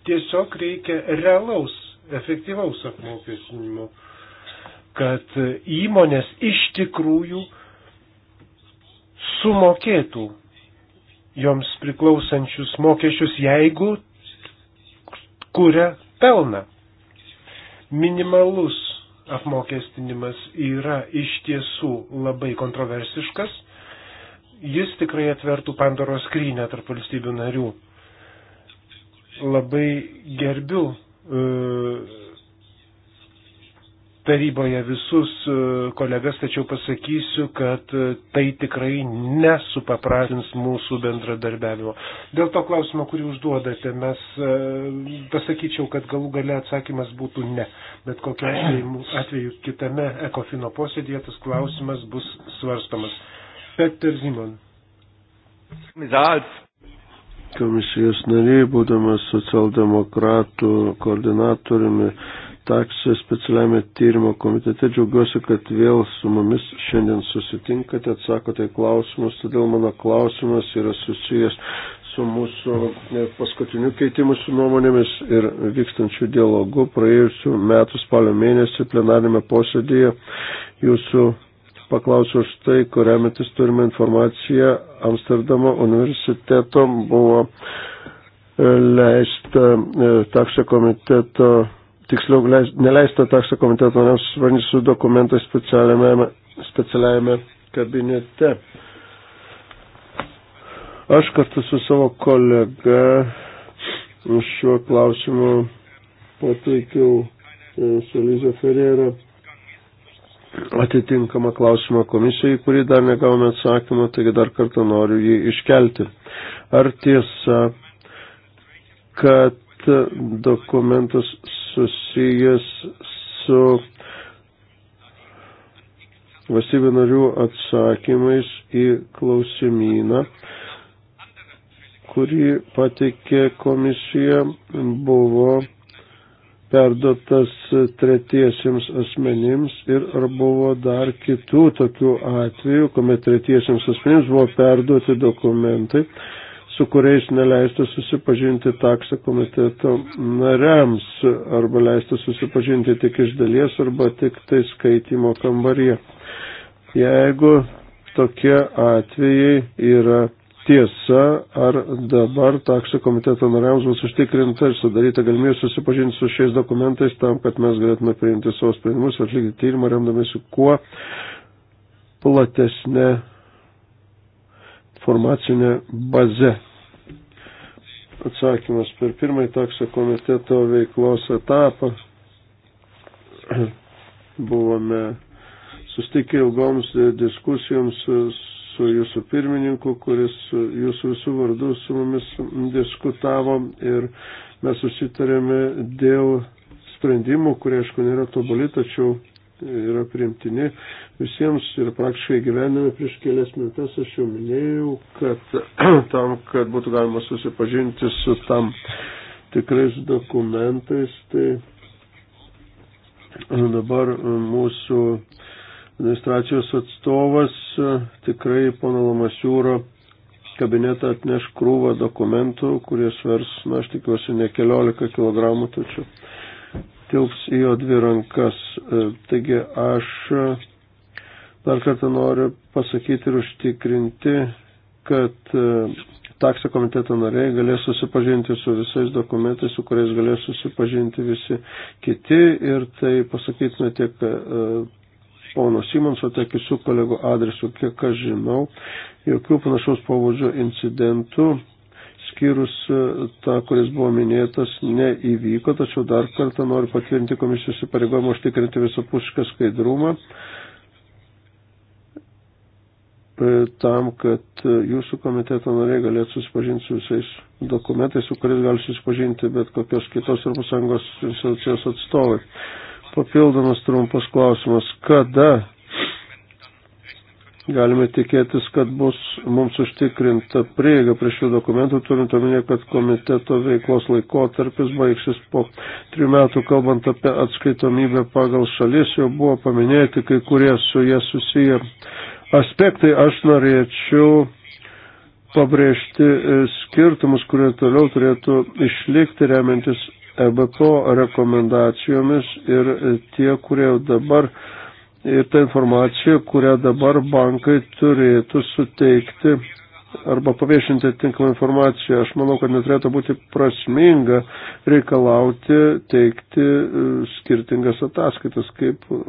Tiesiog reikia realaus, efektyvaus apmokestinimo, kad įmonės iš tikrųjų sumokėtų joms priklausančius mokesčius, jeigu kuria pelną. Minimalus apmokestinimas yra iš tiesų labai kontroversiškas, jis tikrai atvertų Pandoros skrynę tarp valstybių narių labai gerbiu e, taryboje visus e, kolegas, tačiau pasakysiu, kad e, tai tikrai nesupaprastins mūsų bendradarbiavimo. Dėl to klausimo, kurį užduodate, mes pasakyčiau, kad galų gale atsakymas būtų ne. Bet kokiu atveju, atveju kitame ekofino posėdėje tas klausimas bus svarstamas. Peter Zimon. Als komisijos nariai, būdamas socialdemokratų koordinatoriumi taksė specialiame tyrimo komitete. Džiaugiuosi, kad vėl su mumis šiandien susitinkate, atsakote į klausimus, todėl mano klausimas yra susijęs su mūsų e, paskutiniu keitimu su nuomonėmis ir vykstančiu dialogu praėjusiu metu spalio mėnesį plenarime posėdėje jūsų paklausiau štai, kuriametis turime informaciją, Amsterdamo universiteto buvo e, leista e, taksio komiteto, tiksliau leis, neleista taksio komiteto nariams svarnis su dokumentais specialiame, specialiame kabinete. Aš kartu su savo kolega šiuo klausimu pateikiau e, su Liza Ferreira atitinkamą klausimą komisijai, kurį dar negavome atsakymą, taigi dar kartą noriu jį iškelti. Ar tiesa, kad dokumentas susijęs su valstybių narių atsakymais į klausimyną, kurį patikė komisija, buvo perdotas tretiesiems asmenims ir ar buvo dar kitų tokių atvejų, kuomet tretiesiems asmenims buvo perduoti dokumentai, su kuriais neleista susipažinti taksą komiteto nariams arba leista susipažinti tik iš dalies arba tik tai skaitimo kambaryje. Jeigu tokie atvejai yra tiesa, ar dabar taksų komiteto nariams bus užtikrinta ir sudaryta galimybė susipažinti su šiais dokumentais tam, kad mes galėtume priimti savo sprendimus, atlikti tyrimą, remdamėsi kuo platesnė informacinė baze. Atsakymas per pirmąjį taksų komiteto veiklos etapą buvome sustikę ilgoms diskusijoms su jūsų pirmininku, kuris jūsų visų vardų su mumis diskutavo ir mes susitarėme dėl sprendimų, kurie, aišku, nėra tobuli, tačiau yra priimtini visiems ir praktiškai gyvenime prieš kelias minutės aš jau minėjau, kad tam, kad būtų galima susipažinti su tam tikrais dokumentais, tai dabar mūsų uh, administracijos atstovas e, tikrai pono Lamasiūro kabinetą atneš krūvą dokumentų, kurie svers, na, aš tikiuosi, ne keliolika kilogramų, tačiau tilps į jo dvi rankas. E, taigi aš e, dar kartą noriu pasakyti ir užtikrinti, kad taksio komiteto nariai galės susipažinti su visais dokumentais, su kuriais galės susipažinti visi kiti ir tai pasakytume tiek pono Simonso, tiek visų kolegų adresų, kiek aš žinau, jokių panašaus pobūdžio incidentų, skyrus e, tą, kuris buvo minėtas, neįvyko, tačiau dar kartą noriu patvirtinti komisijos įpareigojimą užtikrinti visapušką skaidrumą e, tam, kad e, jūsų komiteto nariai galėtų susipažinti su visais dokumentais, su kuriais gali susipažinti bet kokios kitos ES institucijos atstovai. Papildomas trumpas klausimas. Kada galime tikėtis, kad bus mums užtikrinta prieiga prie šių dokumentų, turint omenyje, kad komiteto veiklos laikotarpis baigsis po trijų metų, kalbant apie atskaitomybę pagal šalis, jau buvo paminėti kai kurie su jie susiję aspektai. Aš norėčiau pabrėžti skirtumus, kurie toliau turėtų išlikti remiantis EBPO rekomendacijomis ir tie, kurie dabar ir ta informacija, kurią dabar bankai turėtų suteikti arba paviešinti tinkamą informaciją. Aš manau, kad neturėtų būti prasminga reikalauti teikti e, skirtingas ataskaitas, kaip e,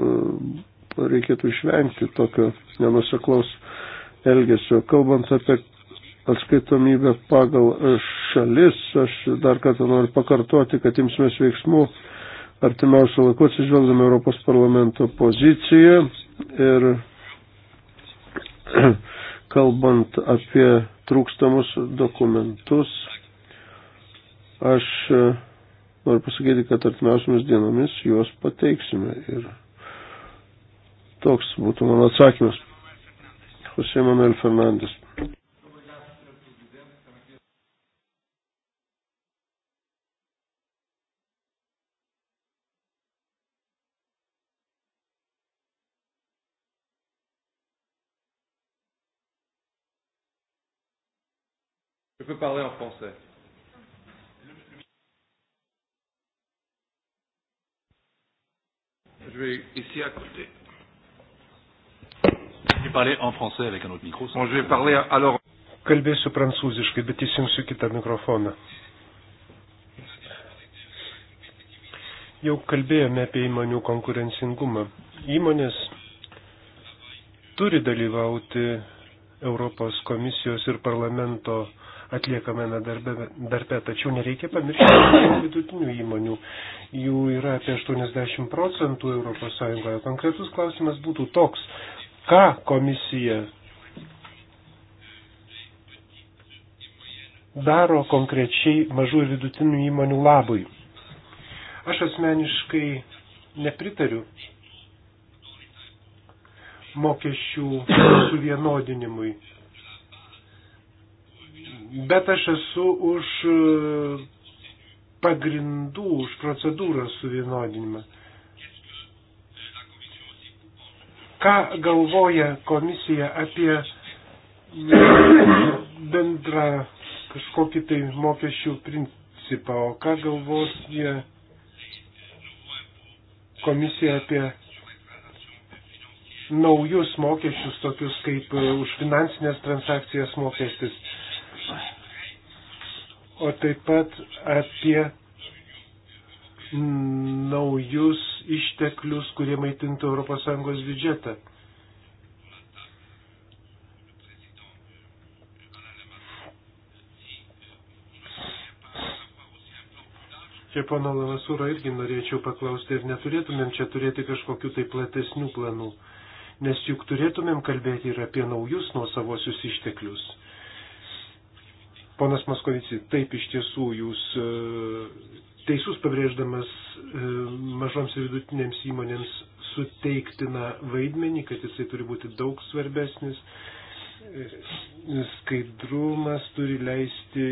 reikėtų išvengti tokio nenuseklaus elgesio. Kalbant apie atskaitomybę pagal šalis. Aš dar kartą noriu pakartoti, kad imsimės veiksmų artimiausio laiko atsižvelgdami Europos parlamento poziciją ir kalbant apie trūkstamus dokumentus, aš noriu pasakyti, kad artimiausiamis dienomis juos pateiksime ir toks būtų mano atsakymas. José Manuel Fernández. peux parler en français. Je vais ici à côté. Je vais parler en français avec un autre micro. Bon, je vais parler alors. Kalbėsiu prancūziškai, bet įsijungsiu kitą mikrofoną. Jau kalbėjome apie įmonių konkurencingumą. Įmonės turi dalyvauti Europos komisijos ir parlamento atliekamame darbe, darbe. Tačiau nereikia pamiršti vidutinių įmonių. Jų yra apie 80 procentų ES. Konkretus klausimas būtų toks, ką komisija daro konkrečiai mažų ir vidutinių įmonių labui. Aš asmeniškai nepritariu mokesčių suvienodinimui Bet aš esu už e, pagrindų, už procedūros suvienodinimą. Ką galvoja komisija apie e, bendrą kažkokį tai mokesčių principą, o ką galvos jie komisija apie naujus mokesčius, tokius kaip e, už finansinės transakcijas mokestis o taip pat apie naujus išteklius, kurie maitintų ES biudžetą. Čia pono Lamasūro irgi norėčiau paklausti, ar neturėtumėm čia turėti kažkokių tai platesnių planų, nes juk turėtumėm kalbėti ir apie naujus nuosavosius išteklius. Ponas Moskovici, taip iš tiesų jūs e, teisus pabrėždamas e, mažoms ir vidutinėms įmonėms suteiktiną vaidmenį, kad jisai turi būti daug svarbesnis. E, skaidrumas turi leisti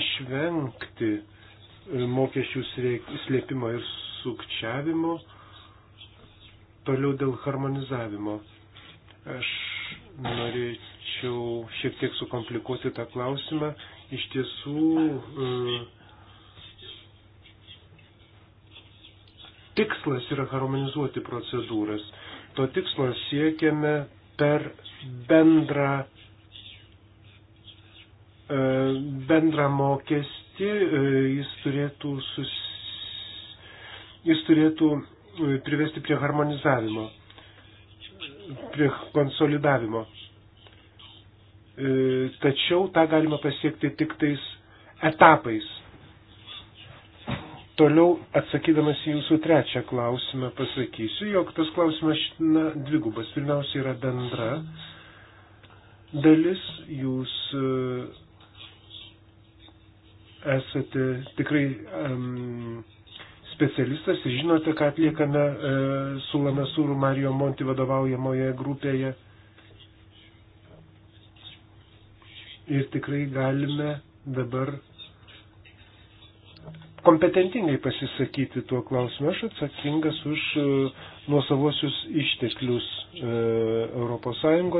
išvengti mokesčių slėpimo ir sukčiavimo, toliau dėl harmonizavimo. Aš norėčiau šiek tiek sukomplikuoti tą klausimą iš tiesų e, tikslas yra harmonizuoti procedūras. To tikslo siekiame per bendrą, e, bendrą mokestį. E, jis turėtų, sus, jis turėtų privesti prie harmonizavimo, prie konsolidavimo. E, tačiau tą galima pasiekti tik tais etapais. Toliau atsakydamas į jūsų trečią klausimą pasakysiu, jog tas klausimas na, dvigubas. Pirmiausia yra bendra dalis, jūs e, esate tikrai um, specialistas ir žinote, ką atliekame uh, su Lamasūru Marijo Monti vadovaujamoje grupėje ir tikrai galime dabar kompetentingai pasisakyti tuo klausimu. Aš atsakingas už e, nuosavosius išteklius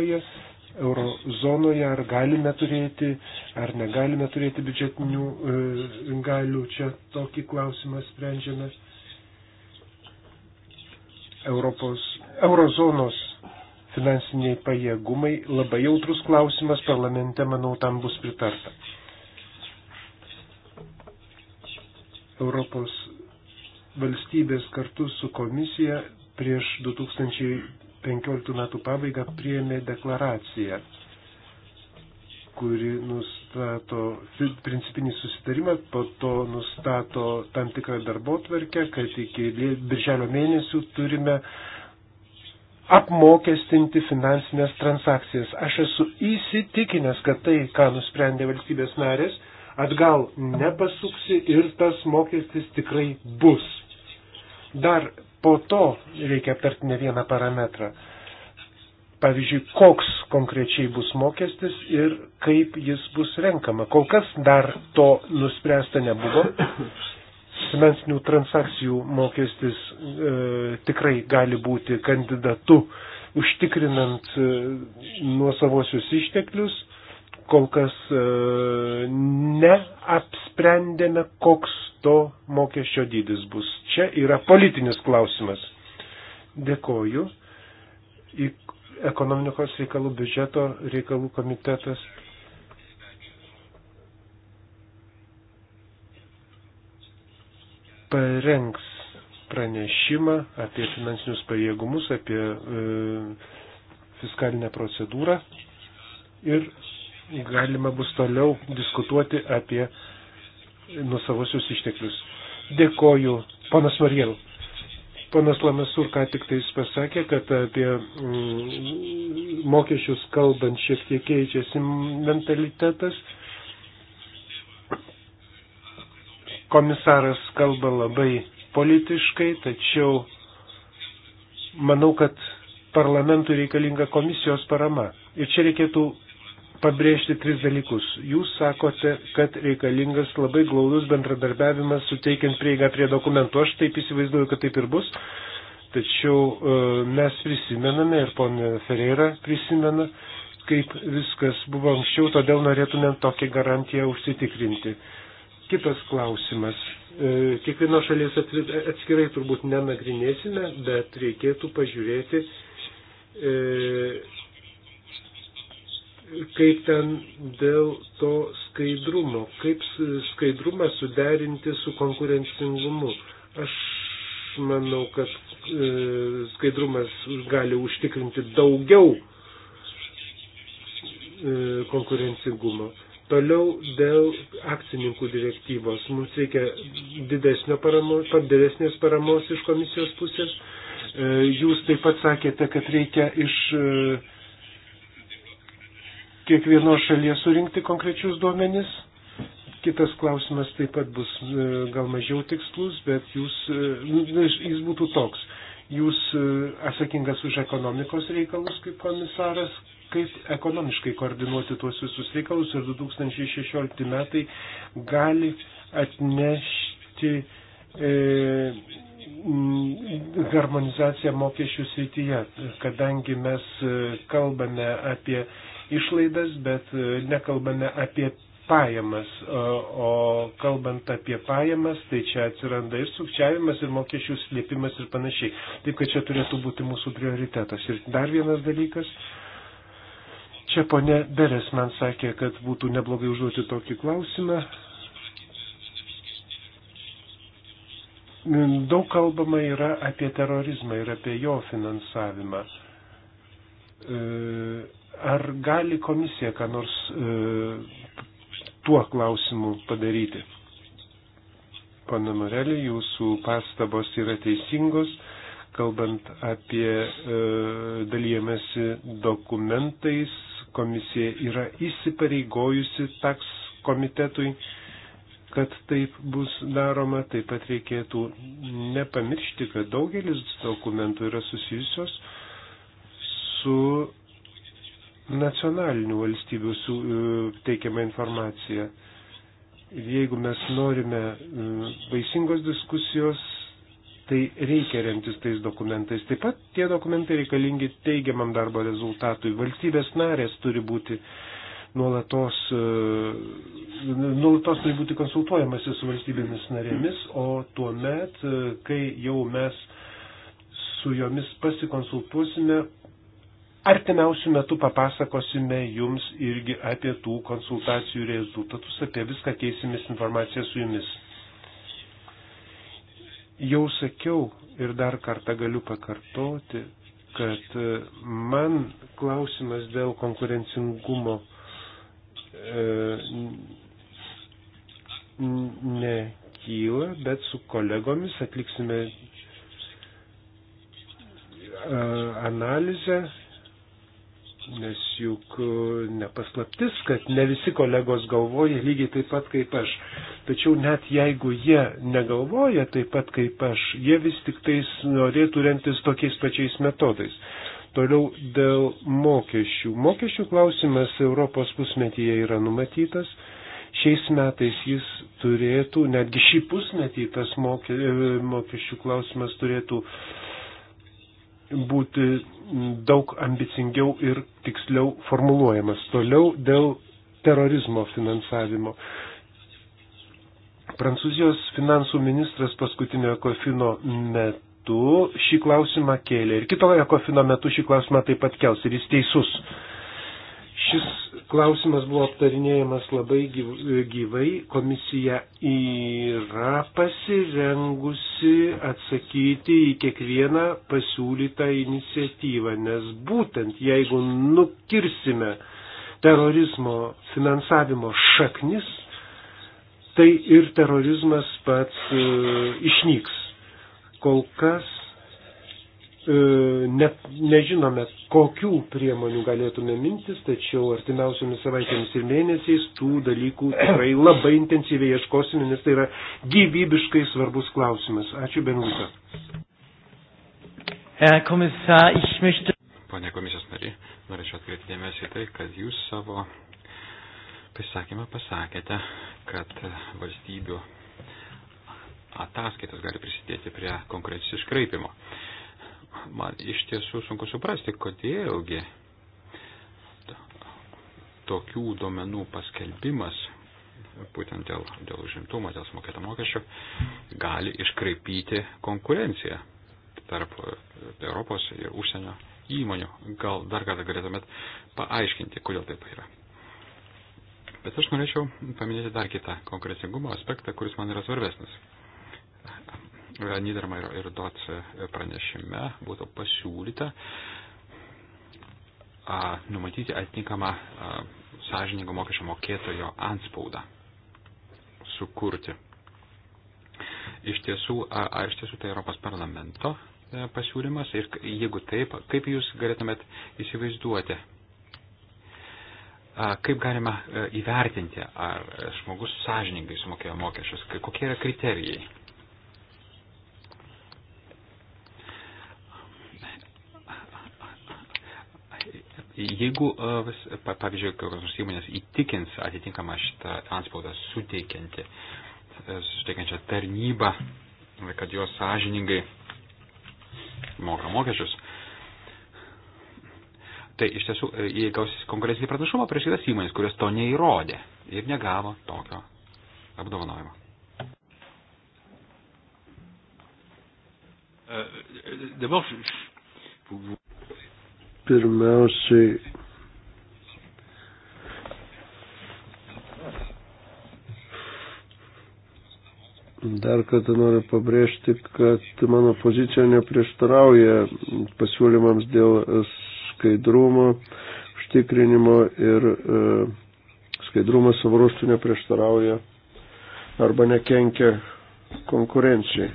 ES, eurozonoje, ar galime turėti, ar negalime turėti biudžetinių e, galių. Čia tokį klausimą sprendžiame. Europos, eurozonos finansiniai pajėgumai, labai jautrus klausimas, parlamente, manau, tam bus pritarta. Europos valstybės kartu su komisija prieš 2015 metų pabaigą priėmė deklaraciją, kuri nustato principinį susitarimą, po to nustato tam tikrą darbo tvarkę, kad iki birželio mėnesių turime uh, apmokestinti finansinės transakcijas. Aš esu įsitikinęs, kad tai, ką nusprendė valstybės narės, atgal nepasuksi ir tas mokestis tikrai bus. Dar po to reikia aptarti ne vieną parametrą. Pavyzdžiui, koks konkrečiai bus mokestis ir kaip jis bus renkama. Kol kas dar to nuspręsta nebuvo finansinių transakcijų mokestis e, tikrai gali būti kandidatu užtikrinant e, nuosavosius išteklius. Kol kas e, neapsprendėme, koks to mokesčio dydis bus. Čia yra politinis klausimas. Dėkoju. Į ekonomikos reikalų biudžeto reikalų komitetas parengs pranešimą apie finansinius pajėgumus, apie e, fiskalinę procedūrą ir galima bus toliau diskutuoti apie nusavosius išteklius. Dėkoju, ponas Margėl. Ponas Lamasur ką tik tais pasakė, kad apie mm, mokesčius kalbant šiek tiek keičiasi mentalitetas Komisaras kalba labai politiškai, tačiau manau, kad parlamentui reikalinga komisijos parama. Ir čia reikėtų pabrėžti tris dalykus. Jūs sakote, kad reikalingas labai glaudus bendradarbiavimas suteikiant prieigą prie dokumentų. Aš taip įsivaizduoju, kad taip ir bus. Tačiau e, mes prisimename ir ponė Ferreira prisimena, kaip viskas buvo anksčiau, todėl norėtume tokią garantiją užsitikrinti kitas klausimas. E, Kiekvieno šalies atskirai turbūt nenagrinėsime, bet reikėtų pažiūrėti, e, kaip ten dėl to skaidrumo, kaip skaidrumą suderinti su konkurencingumu. Aš manau, kad e, skaidrumas gali užtikrinti daugiau konkurencingumo. Toliau dėl akcininkų direktyvos. Mums reikia didesnio paramos, didesnės paramos iš komisijos pusės. E, jūs taip pat sakėte, kad reikia iš e, kiekvienos šalies surinkti konkrečius duomenis. Kitas klausimas taip pat bus e, gal mažiau tikslus, bet jūs, nu, jis būtų toks. Jūs atsakingas už ekonomikos reikalus kaip komisaras, kaip ekonomiškai koordinuoti tuos visus reikalus ir 2016 metai gali atnešti e, harmonizaciją mokesčių srityje, kadangi mes e, kalbame apie išlaidas, bet e, nekalbame apie pajamas, o kalbant apie pajamas, tai čia atsiranda ir sukčiavimas, ir mokesčių slėpimas ir panašiai. Taip kad čia turėtų būti mūsų prioritetas. Ir dar vienas dalykas Čia ponė Beres man sakė, kad būtų neblogai užduoti tokį klausimą. Daug kalbama yra apie terorizmą ir apie jo finansavimą. E, ar gali komisija ką nors e, tuo klausimu padaryti? Pana Morelė, jūsų pastabos yra teisingos, kalbant apie e, dalyjamasi dokumentais, Komisija yra įsipareigojusi taks komitetui, kad taip bus daroma. Taip pat reikėtų nepamiršti, kad daugelis dokumentų yra susijusios su nacionalinių valstybių su, e, teikiama informacija. Jeigu mes norime e, vaisingos diskusijos, tai reikia remtis tais dokumentais. Taip pat tie dokumentai reikalingi teigiamam darbo rezultatui. Valstybės narės turi būti nuolatos, e, nuolatos turi būti konsultuojamasi su valstybėmis narėmis, o tuo met, e, kai jau mes su jomis pasikonsultuosime, artimiausių metų papasakosime jums irgi apie tų konsultacijų rezultatus, apie viską keisimės informaciją su jumis. Jau sakiau ir dar kartą galiu pakartoti, kad man klausimas dėl konkurencingumo e, nekyla, bet su kolegomis atliksime e, analizę Nes juk e, nepaslaptis, kad ne visi kolegos galvoja lygiai taip pat kaip aš. Tačiau net jeigu jie negalvoja taip pat kaip aš, jie vis tik tais norėtų rentis tokiais pačiais metodais. Toliau dėl mokesčių. Mokesčių klausimas Europos pusmetyje yra numatytas. Šiais metais jis turėtų, netgi šį pusmetį tas e, mokesčių klausimas turėtų uh, būti daug ambicingiau ir tiksliau formuluojamas. Toliau dėl terorizmo finansavimo. Prancūzijos finansų ministras paskutinio kofino metu šį klausimą kėlė ir kitoje kofino metu šį klausimą taip pat kels ir jis teisus. Šis klausimas buvo aptarinėjamas labai gyvai. Komisija yra pasirengusi atsakyti į kiekvieną pasiūlytą iniciatyvą, nes būtent jeigu nukirsime terorizmo finansavimo šaknis, tai ir terorizmas pats e, išnyks. Kol kas E, net nežinome, kokių priemonių galėtume mintis, tačiau artimiausiomis savaitėmis ir mėnesiais tų dalykų tikrai labai intensyviai ieškosime, nes tai yra gyvybiškai svarbus klausimas. Ačiū, Benvita. Pane komisijos nariai, norėčiau atkreipti dėmesį į tai, kad jūs savo pasisakymą pasakėte, kad valstybių ataskaitos gali prisidėti prie konkurencijos iškraipimo man iš tiesų sunku suprasti, kodėlgi tokių duomenų paskelbimas, būtent dėl, dėl žimtumo, dėl sumokėto mokesčio, gali iškraipyti konkurenciją tarp e, Europos ir užsienio įmonių. Gal dar kartą galėtumėt paaiškinti, kodėl taip yra. Bet aš norėčiau paminėti dar kitą konkurencingumo aspektą, kuris man yra svarbesnis. Nidermairo ir Dot pranešime būtų pasiūlyta a, numatyti atitinkamą sąžiningo mokesčio mokėtojo anspaudą sukurti. Iš tiesų, a, a, iš tiesų tai Europos parlamento e, pasiūlymas ir jeigu taip, kaip jūs galėtumėt įsivaizduoti, kaip galima e, įvertinti, ar e, žmogus sąžiningai sumokėjo mokesčius, kokie yra kriterijai. Jeigu, e, pavyzdžiui, kokios įmonės įtikins atitinkamą šitą anspaudą suteikianti, e, suteikiančią tarnybą, kad jos sąžiningai moka mokesčius, tai iš tiesų e, jie gaus konkurencinį pranašumą prieš kitas įmonės, kurios to neįrodė ir negavo tokio apdovanojimo. Uh, D'abord, je, je, vous, vous Pirmiausiai Dar kartą noriu pabrėžti, kad mano pozicija neprieštarauja pasiūlymams dėl skaidrumo, užtikrinimo ir e, skaidrumas savo ruoštų neprieštarauja arba nekenkia konkurencijai.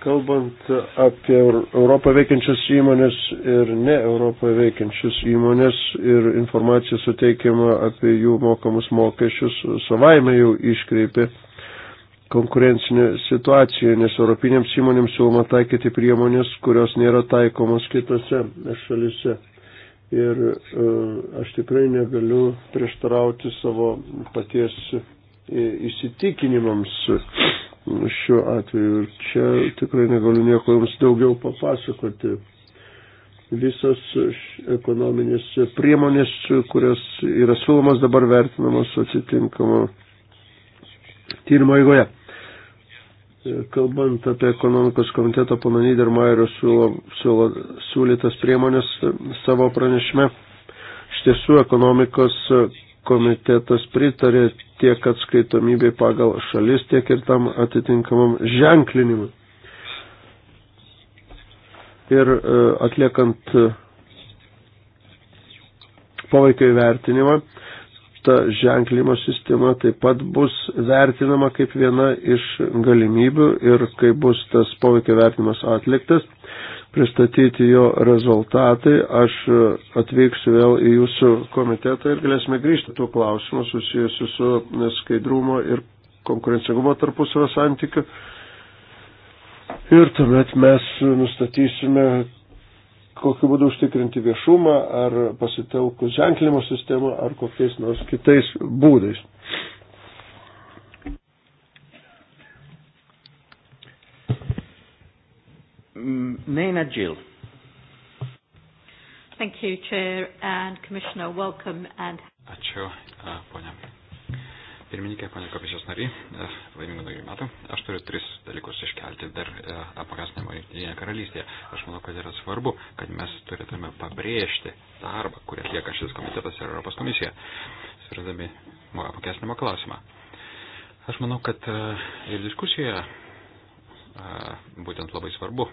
Kalbant apie Europą veikiančias įmonės ir ne Europą veikiančias įmonės ir informacija suteikiama apie jų mokamus mokesčius, savaime jau iškreipė konkurencinė situacija, nes europinėms įmonėms siūloma taikyti priemonės, kurios nėra taikomos kitose šalise. Ir e, aš tikrai negaliu prieštarauti savo paties e, įsitikinimams. E, šiuo atveju. Ir čia tikrai negaliu nieko jums daugiau papasakoti. Visos ekonominės priemonės, kurios yra siūlomas dabar vertinamos atitinkamo tyrimo eigoje. Kalbant apie ekonomikos komiteto pana Niedermayerio siūlytas priemonės savo pranešime, iš tiesų ekonomikos komitetas pritarė tiek atskaitomybė pagal šalis, tiek ir tam atitinkamam ženklinimui. Ir e, atliekant e, poveikio įvertinimą, ta ženklimo sistema taip pat bus vertinama kaip viena iš galimybių ir kai bus tas poveikio vertinimas atliktas, pristatyti jo rezultatai. Aš e, atvyksiu vėl į jūsų komitetą ir galėsime grįžti tų klausimų susijusių su skaidrumo ir konkurencingumo tarpusavio santykiu. Ir tuomet mes nustatysime, kokiu būdu užtikrinti viešumą, ar pasitelkus ženklimo sistemą, ar kokiais nors kitais būdais. Mm, Naina Gill. Thank you, Chair and Commissioner. Welcome and. Ačiū, ponia. Pirmininkė, ponia komisijos nariai, laimingų naujų metų. Aš turiu tris dalykus iškelti dar apmokestinimo jungtinėje karalystėje. Aš manau, kad yra svarbu, kad mes turėtume pabrėžti darbą, kurį atlieka šis komitetas ir Europos komisija, spręsdami apmokestinimo klausimą. Aš manau, kad ir diskusijoje būtent labai svarbu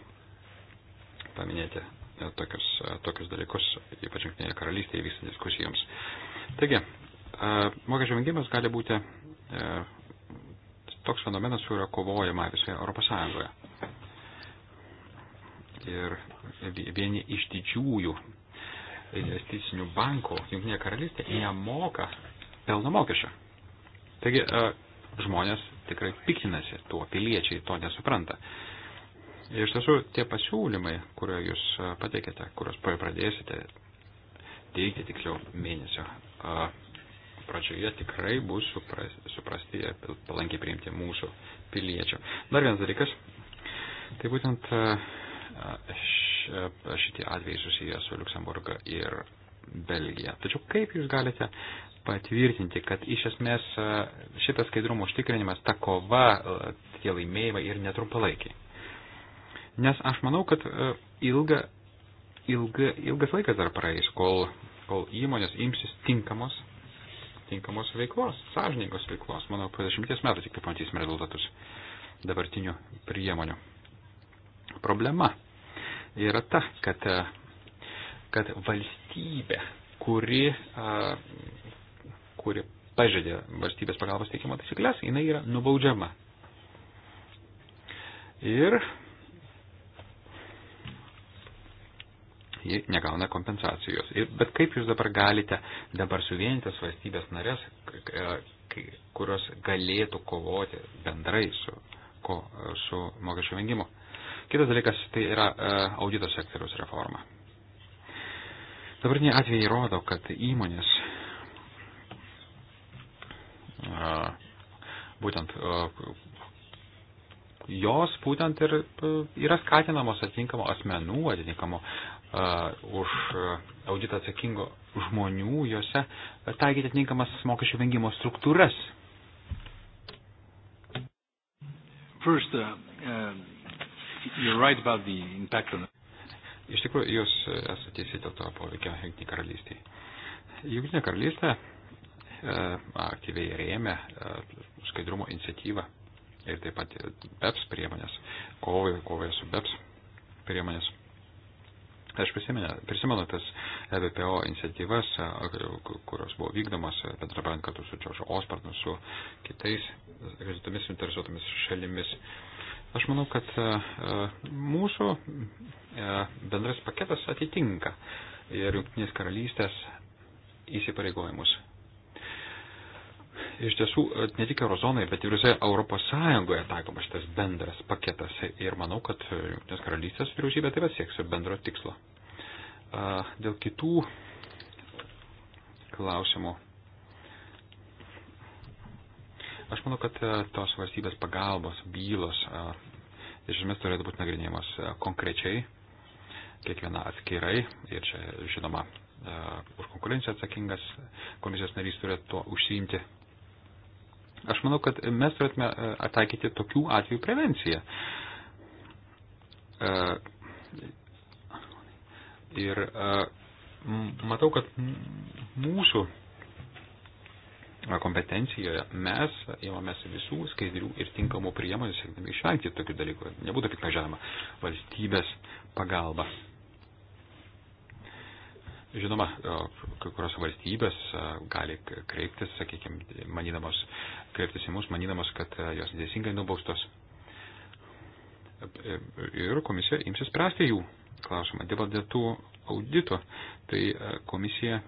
paminėti e, tokius, e, tokius dalykus, ypač Junktinėje karalystėje vykstant diskusijoms. Taigi, e, mokesčių vengimas gali būti toks fenomenas, su kuriuo kovojama visoje Europos Sąjungoje. Ir vieni iš didžiųjų investicinių bankų Junktinėje karalystėje nemoka pelno mokesčio. Taigi, žmonės tikrai piktinasi tuo, piliečiai to nesupranta. Iš tiesų, tie pasiūlymai, kurio jūs pateikėte, kuriuos pradėsite teikti tiksliau mėnesio pradžioje, tikrai bus suprasti ir palankiai priimti mūsų piliečių. Dar vienas dalykas, tai būtent šitie atvejai susiję su Luksemburga ir Belgija. Tačiau kaip jūs galite patvirtinti, kad iš esmės šitas skaidrumo užtikrinimas, ta kova, tie laimėjimai ir netrumpalaikiai? Nes aš manau, kad e, ilga, ilga, ilgas laikas dar praeis, kol, kol įmonės imsis tinkamos, tinkamos veiklos, sąžiningos veiklos. Manau, po dešimties metų tik tai pamatysime rezultatus dabartinių priemonių. Problema yra ta, kad, e, kad valstybė, kuri, e, kuri pažadė valstybės pagalbos teikimo taisyklės, jinai yra nubaudžiama. Ir ji negauna kompensacijos. Ir, bet kaip jūs dabar galite dabar suvienintas valstybės narės, e, kurios galėtų kovoti bendrai su, ko, su mokesčių vengimu? Kitas dalykas tai yra e, audito sektoriaus reforma. Dabartiniai atvejai rodo, kad įmonės e, būtent jos būtent ir e, yra skatinamos atitinkamo asmenų, atitinkamo uh, už e, auditą atsakingo žmonių, juose taikyti atitinkamas mokesčių vengimo struktūras. First, uh, uh, right about the impact on... Iš tikrųjų, jūs esate teisi dėl to poveikio Junktinė karalystė. Junktinė karalystė uh, aktyviai rėmė uh, skaidrumo iniciatyvą ir taip pat BEPS priemonės, kovai, kovai su BEPS priemonės. Aš prisimenu, prisimenu tas EBPO iniciatyvas, kurios buvo vykdomas bendrabant kartu su Džožo Ospartnu, su kitais, kitomis interesuotomis šalimis. Aš manau, kad mūsų bendras paketas atitinka ir Junktinės karalystės įsipareigojimus Iš tiesų, e, ne tik Eurozonai, bet ir visoje Europos Sąjungoje taikomas šitas bendras paketas ir manau, kad e, Junktinės karalystės vyriausybė taip pat sieks bendro tikslo. Dėl kitų klausimų. Aš manau, kad e, tos valstybės pagalbos bylos iš esmės turėtų būti nagrinėjamos konkrečiai, kiekviena atskirai ir čia, žinoma, už konkurenciją atsakingas komisijos narys turėtų tuo užsiimti Aš manau, kad mes turėtume ataikyti e, tokių atvejų prevenciją. E, ir e, matau, kad mūsų kompetencijoje mes imamės visų skaidrių ir tinkamų priemonių, siekdami išvengti tokių dalykų, nebūtų piknažiavama valstybės pagalba. Žinoma, kai kurios valstybės gali kreiptis, sakykime, manydamos, kreiptis į mus, manydamos, kad jos neteisingai nubaustos. E, e, ir komisija imsis spręsti jų klausimą. Dėl tų audito, tai komisija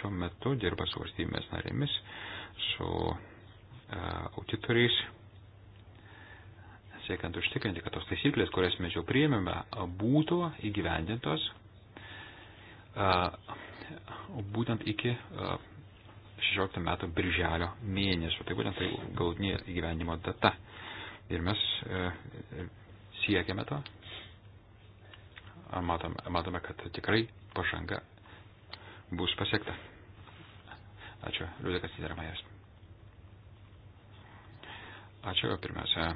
šiuo metu dirba su valstybės narėmis, su auditoriais, siekiant užtikrinti, kad tos taisyklės, kurias mes jau priėmėme, būtų įgyvendintos būtent iki 16 metų birželio mėnesio. Tai būtent tai galutinė įgyvenimo data. Ir mes e, siekiame to. Matome, matome, kad tikrai pažanga bus pasiekta. Ačiū, Liudikas Nidermajas. Ačiū, pirmiausia.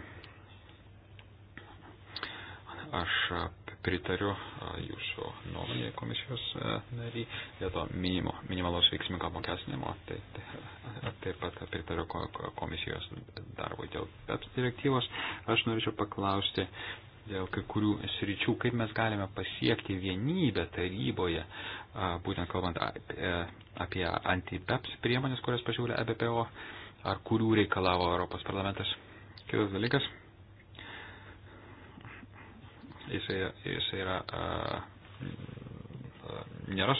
Aš pritariu jūsų nuomonėje komisijos nary, dėl to minimo, minimalos veiksmingo apmokestinimo, tai, tai, taip pat pritariu komisijos darbui dėl PEPS direktyvos. Aš norėčiau paklausti dėl kai kurių sričių, kaip mes galime pasiekti vienybę taryboje, būtent kalbant e, apie anti-PEPS priemonės, kurias pasiūlė EBPO, ar kurių reikalavo Europos parlamentas. Kitas dalykas jisai, jisai yra, a, nėra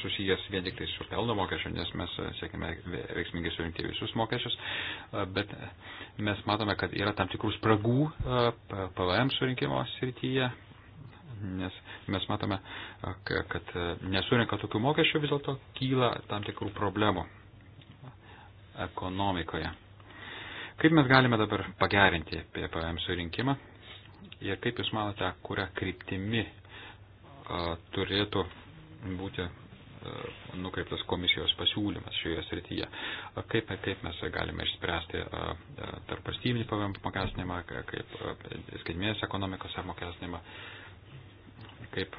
susijęs vien tik tai su pelno mokesčiu, nes mes siekime veiksmingai surinkti visus mokesčius, bet mes matome, kad yra tam tikrų spragų PVM surinkimo srityje, nes mes matome, kad nesurinka tokių mokesčių vis dėlto kyla tam tikrų problemų ekonomikoje. Kaip mes galime dabar pagerinti PVM surinkimą? Ir kaip Jūs manote, kuria kryptimi a, turėtų būti a, nukreiptas komisijos pasiūlymas šioje srityje? A, kaip, kaip mes galime išspręsti tarp valstybinį pavėm apmokestinimą, kaip skaitmės ekonomikos apmokestinimą, kaip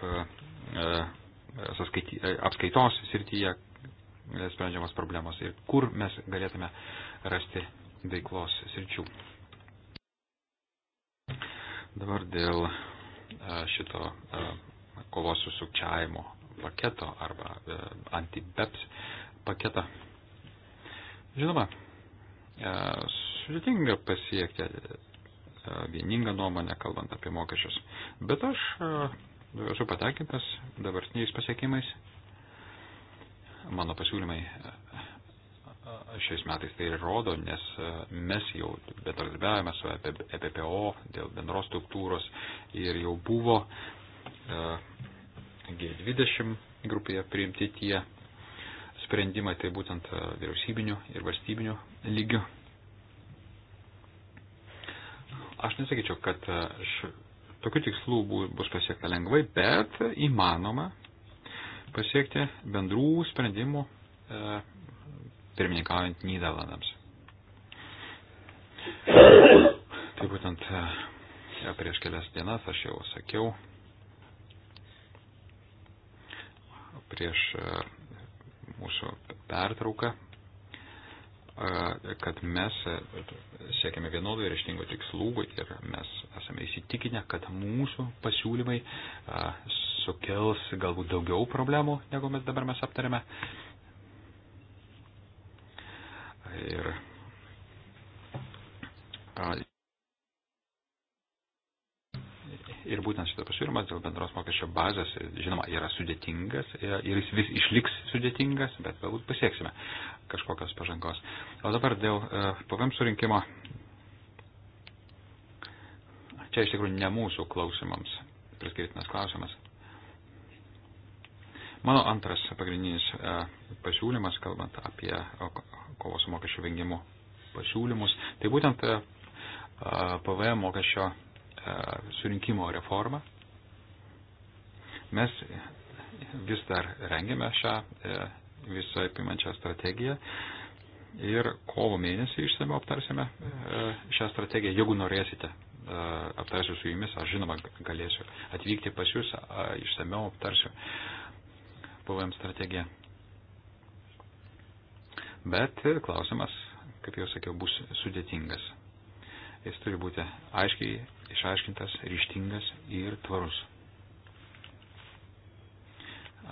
saskaity, apskaitos srityje e, sprendžiamas problemos ir kur mes galėtume rasti veiklos sričių. Dabar dėl e, šito e, kovos su sukčiavimo paketo arba e, anti-BEPS paketą. Žinoma, sudėtinga pasiekti vieningą nuomonę, kalbant apie mokesčius. Bet aš esu patenkintas dabartiniais pasiekimais. Mano pasiūlymai šiais metais tai rodo, nes e, mes jau bendradarbiavame su EPPO e dėl bendros struktūros ir jau buvo e, G20 grupėje priimti tie sprendimai, tai būtent vyriausybinių ir valstybinių lygių. Aš nesakyčiau, kad š... tokių tikslų bus pasiekta lengvai, bet įmanoma pasiekti bendrų sprendimų pirmininkaujant Nyderlandams. Tai būtent e, ja, prieš kelias dienas aš jau sakiau, prieš e, mūsų pertrauką, e, kad mes siekiame vienodų ir ištingų tikslų ir mes esame įsitikinę, kad mūsų pasiūlymai sukels galbūt daugiau problemų, negu mes dabar mes aptarėme ir Ir būtent šitas pasiūlymas dėl bendros mokesčio bazės, žinoma, yra sudėtingas ir jis vis išliks sudėtingas, bet galbūt pasieksime kažkokios pažangos. O dabar dėl e, PVM surinkimo. Čia iš tikrųjų ne mūsų klausimams priskirtinas klausimas. Mano antras pagrindinis e, pasiūlymas, kalbant apie e, kovos mokesčių vengimo pasiūlymus, tai būtent e, PVM mokesčio surinkimo reforma. Mes vis dar rengiame šią visą apimančią strategiją ir kovo mėnesį išsame aptarsime šią strategiją, jeigu norėsite aptarsiu su jumis, aš žinoma galėsiu atvykti pas jūs, išsameu aptarsiu PVM strategiją. Bet klausimas, kaip jau sakiau, bus sudėtingas. Jis turi būti aiškiai išaiškintas, ryštingas ir tvarus.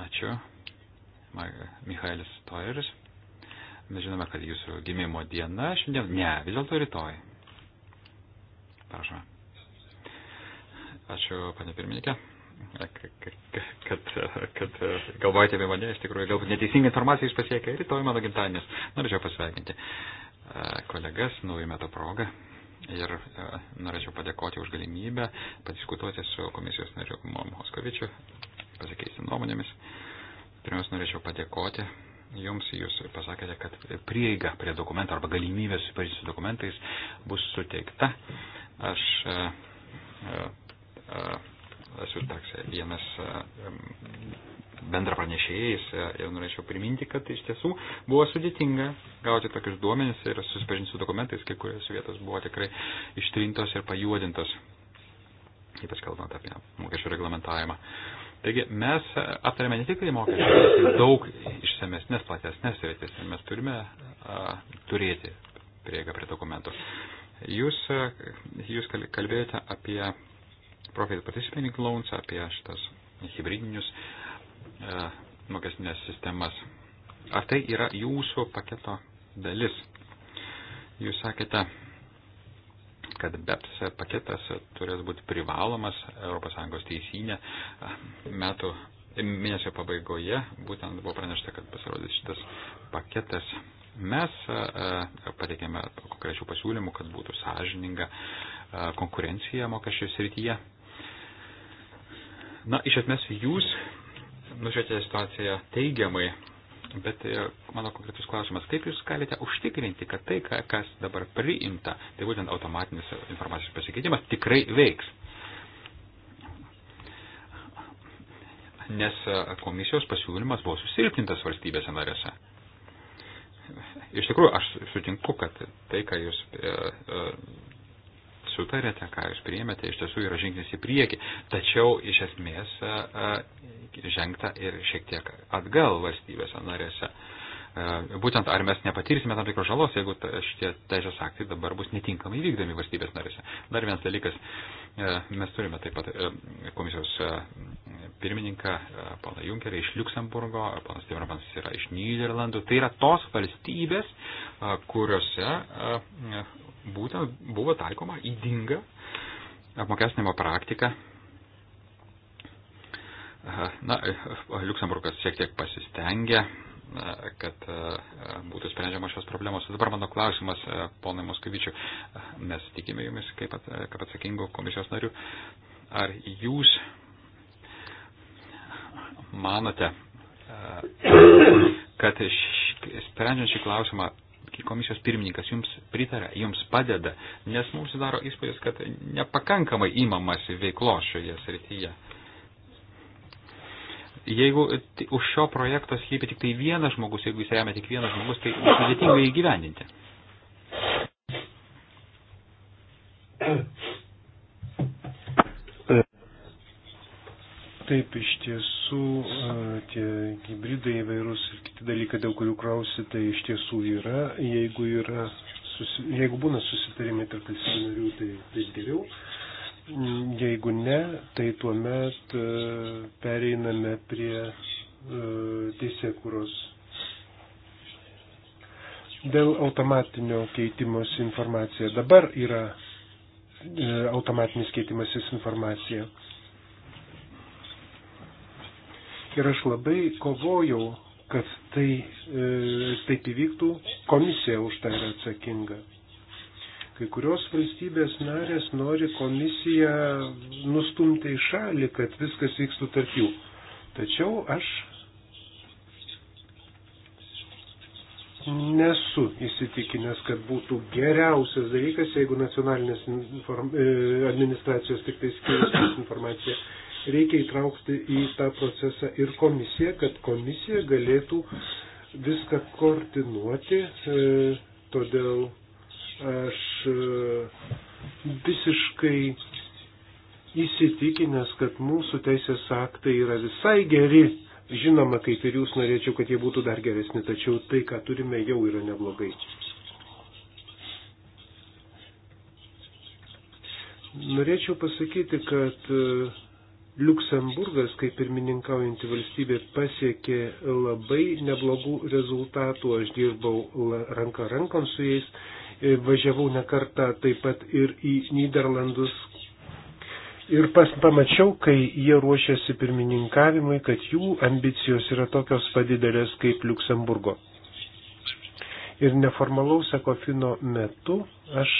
Ačiū, Michaelis Toeris. Mes žinome, kad jūsų gimimo diena šiandien. Ne, vis dėlto rytoj. Prašome. Ačiū, panė pirmininkė kad, kad galvojate apie mane, iš tikrųjų galbūt neteisinga informacija jūs pasiekia ir rytoj mano gimtadienis. Norėčiau pasveikinti kolegas naujų metų progą ir norėčiau padėkoti už galimybę padiskutuoti su komisijos nariu Moskovičiu, pasikeisti nuomonėmis. Pirmiausia, norėčiau padėkoti jums jūs pasakėte, kad prieiga prie dokumento arba galimybė susipažinti su dokumentais bus suteikta. Aš a, a, a, su taksė e, vienas e, bendra pranešėjais e, ir norėčiau priminti, kad iš tiesų buvo sudėtinga gauti tokius duomenis ir susipažinti su dokumentais, kai kurios vietos buvo tikrai ištrintos ir pajuodintos, ypač kalbant apie mokesčių reglamentavimą. Taigi mes aptarėme ne tik tai mokesčius, tai daug išsamesnės, platesnės rytis ir mes turime a, turėti prieigą prie dokumentų. Jūs, jūs kalbėjote apie Profit Participating Loans, apie šitas hybridinius e, mokestinės sistemas. Ar tai yra jūsų paketo dalis? Jūs sakėte, kad BEPS paketas turės būti privalomas ES teisinė e, metų e, mėnesio pabaigoje. Būtent buvo pranešta, kad pasirodys šitas paketas. Mes e, pateikėme konkrečių pasiūlymų, kad būtų sąžininga konkurencija mokesčių srityje Na, iš esmės jūs nušvietėte situaciją teigiamai, bet e, mano konkretus klausimas, kaip jūs galite užtikrinti, kad tai, kas dabar priimta, tai būtent automatinis informacijos pasikeitimas, tikrai veiks? Nes e, komisijos pasiūlymas buvo susilpnintas valstybėse narėse. Iš tikrųjų, aš sutinku, kad tai, ką jūs e, sutarėte, ką jūs priėmėte, iš tiesų yra žingsnis į priekį. Tačiau iš esmės žengta ir šiek tiek atgal valstybėse narėse. Būtent ar mes nepatirsime tam tikros žalos, jeigu šitie teisės aktai dabar bus netinkamai vykdomi valstybės narėse. Dar vienas dalykas, mes turime taip pat komisijos pirmininką, pana Junkerį iš Luxemburgo, panas Timmermans yra iš Niderlandų. Tai yra tos valstybės, kuriuose būtent buvo taikoma įdinga apmokestinimo praktika. Na, Luksemburgas šiek tiek pasistengė, kad būtų sprendžiama šios problemos. Dabar mano klausimas, ponai Moskavičiu, mes tikime jumis kaip, at, kaip atsakingų komisijos narių, ar jūs manote, kad sprendžiant šį klausimą kai komisijos pirmininkas jums pritarė, jums padeda, nes mums daro įspūdis, kad nepakankamai įmamasi veiklos šioje srityje. Jeigu už šio projekto slypi tik tai vienas žmogus, jeigu jis remia tik vienas žmogus, tai sudėtinga įgyvendinti. Taip, iš tiesų, tie hybridai įvairūs ir kiti dalykai, dėl kurių krausi, tai iš tiesų yra. Jeigu, yra, susi, jeigu būna susitarimai tarp valstybių narių, tai, tai geriau. Mm, jeigu ne, tai tuomet pereiname prie teisėkuros dėl automatinio keitimos informacija. Dabar yra e, automatinis keitimasis informacija ir aš labai kovojau, kad tai e, taip įvyktų, komisija už tai yra atsakinga. Kai kurios valstybės narės nori komisiją nustumti į šalį, kad viskas vykstų tarp jų. Tačiau aš nesu įsitikinęs, kad būtų geriausias dalykas, jeigu nacionalinės inform... E, administracijos tik tai skiriasi informaciją reikia įtraukti į tą procesą ir komisiją, kad komisija galėtų viską koordinuoti. E, todėl aš e, visiškai įsitikinęs, kad mūsų teisės aktai yra visai geri. Žinoma, kaip ir jūs norėčiau, kad jie būtų dar geresni, tačiau tai, ką turime, jau yra neblogai. Norėčiau pasakyti, kad e, Luksemburgas, kaip pirmininkaujanti valstybė, pasiekė labai neblogų rezultatų. Aš dirbau ranka rankon su jais, e, važiavau ne kartą taip pat ir į Niderlandus. Ir pas, pamačiau, kai jie ruošiasi pirmininkavimui, kad jų ambicijos yra tokios padidelės kaip Luksemburgo. Ir neformalaus ekofino metu aš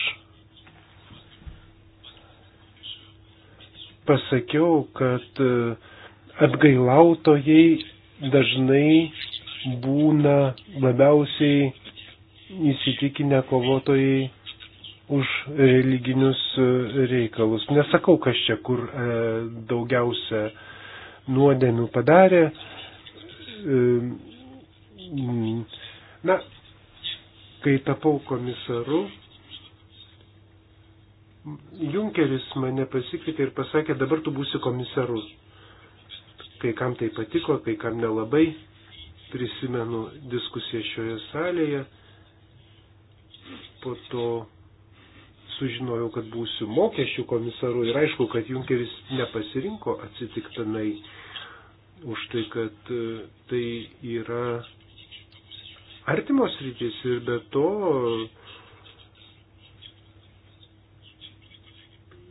pasakiau, kad e, atgailautojai dažnai būna labiausiai įsitikinę kovotojai už religinius e, reikalus. Nesakau, kas čia kur e, daugiausia nuodėmių padarė. Na, kai tapau komisaru, Junkeris mane pasikvietė ir pasakė, dabar tu būsi komisaru. Kai kam tai patiko, kai kam nelabai. Prisimenu diskusiją šioje salėje. Po to sužinojau, kad būsiu mokesčių komisaru ir aišku, kad Junkeris nepasirinko atsitiktinai už tai, kad e, tai yra artimos rytis ir be to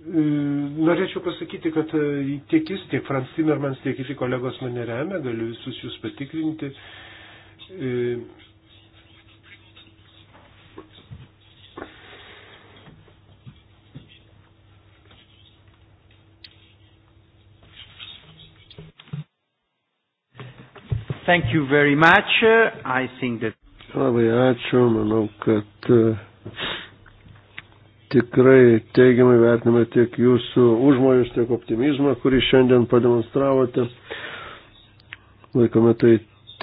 Mm, norėčiau pasakyti, kad e, tiek jis, tiek Franz Timmermans, tiek kiti kolegos mane remia, galiu visus jūs patikrinti. E, Thank you very much. I think that. Labai ačiū, manau, kad uh, Tikrai teigiamai vertiname tiek jūsų užmojus, tiek optimizmą, kurį šiandien pademonstravote. Laikome tai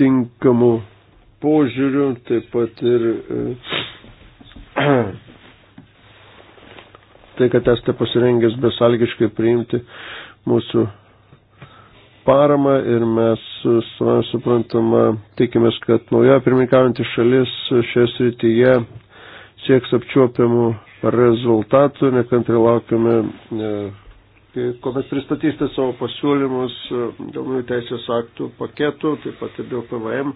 tinkamų požiūrių, taip pat ir e, tai, kad esate pasirengęs besalgiškai priimti mūsų paramą ir mes, e, savai suprantama, tikimės, kad nauja pirmininkaujanti šalis šioje srityje sieks apčiuopiamų rezultatų, nekantri laukiame, e, kuomet pristatysite savo pasiūlymus e, dėl naujų teisės aktų paketų, taip pat ir dėl PVM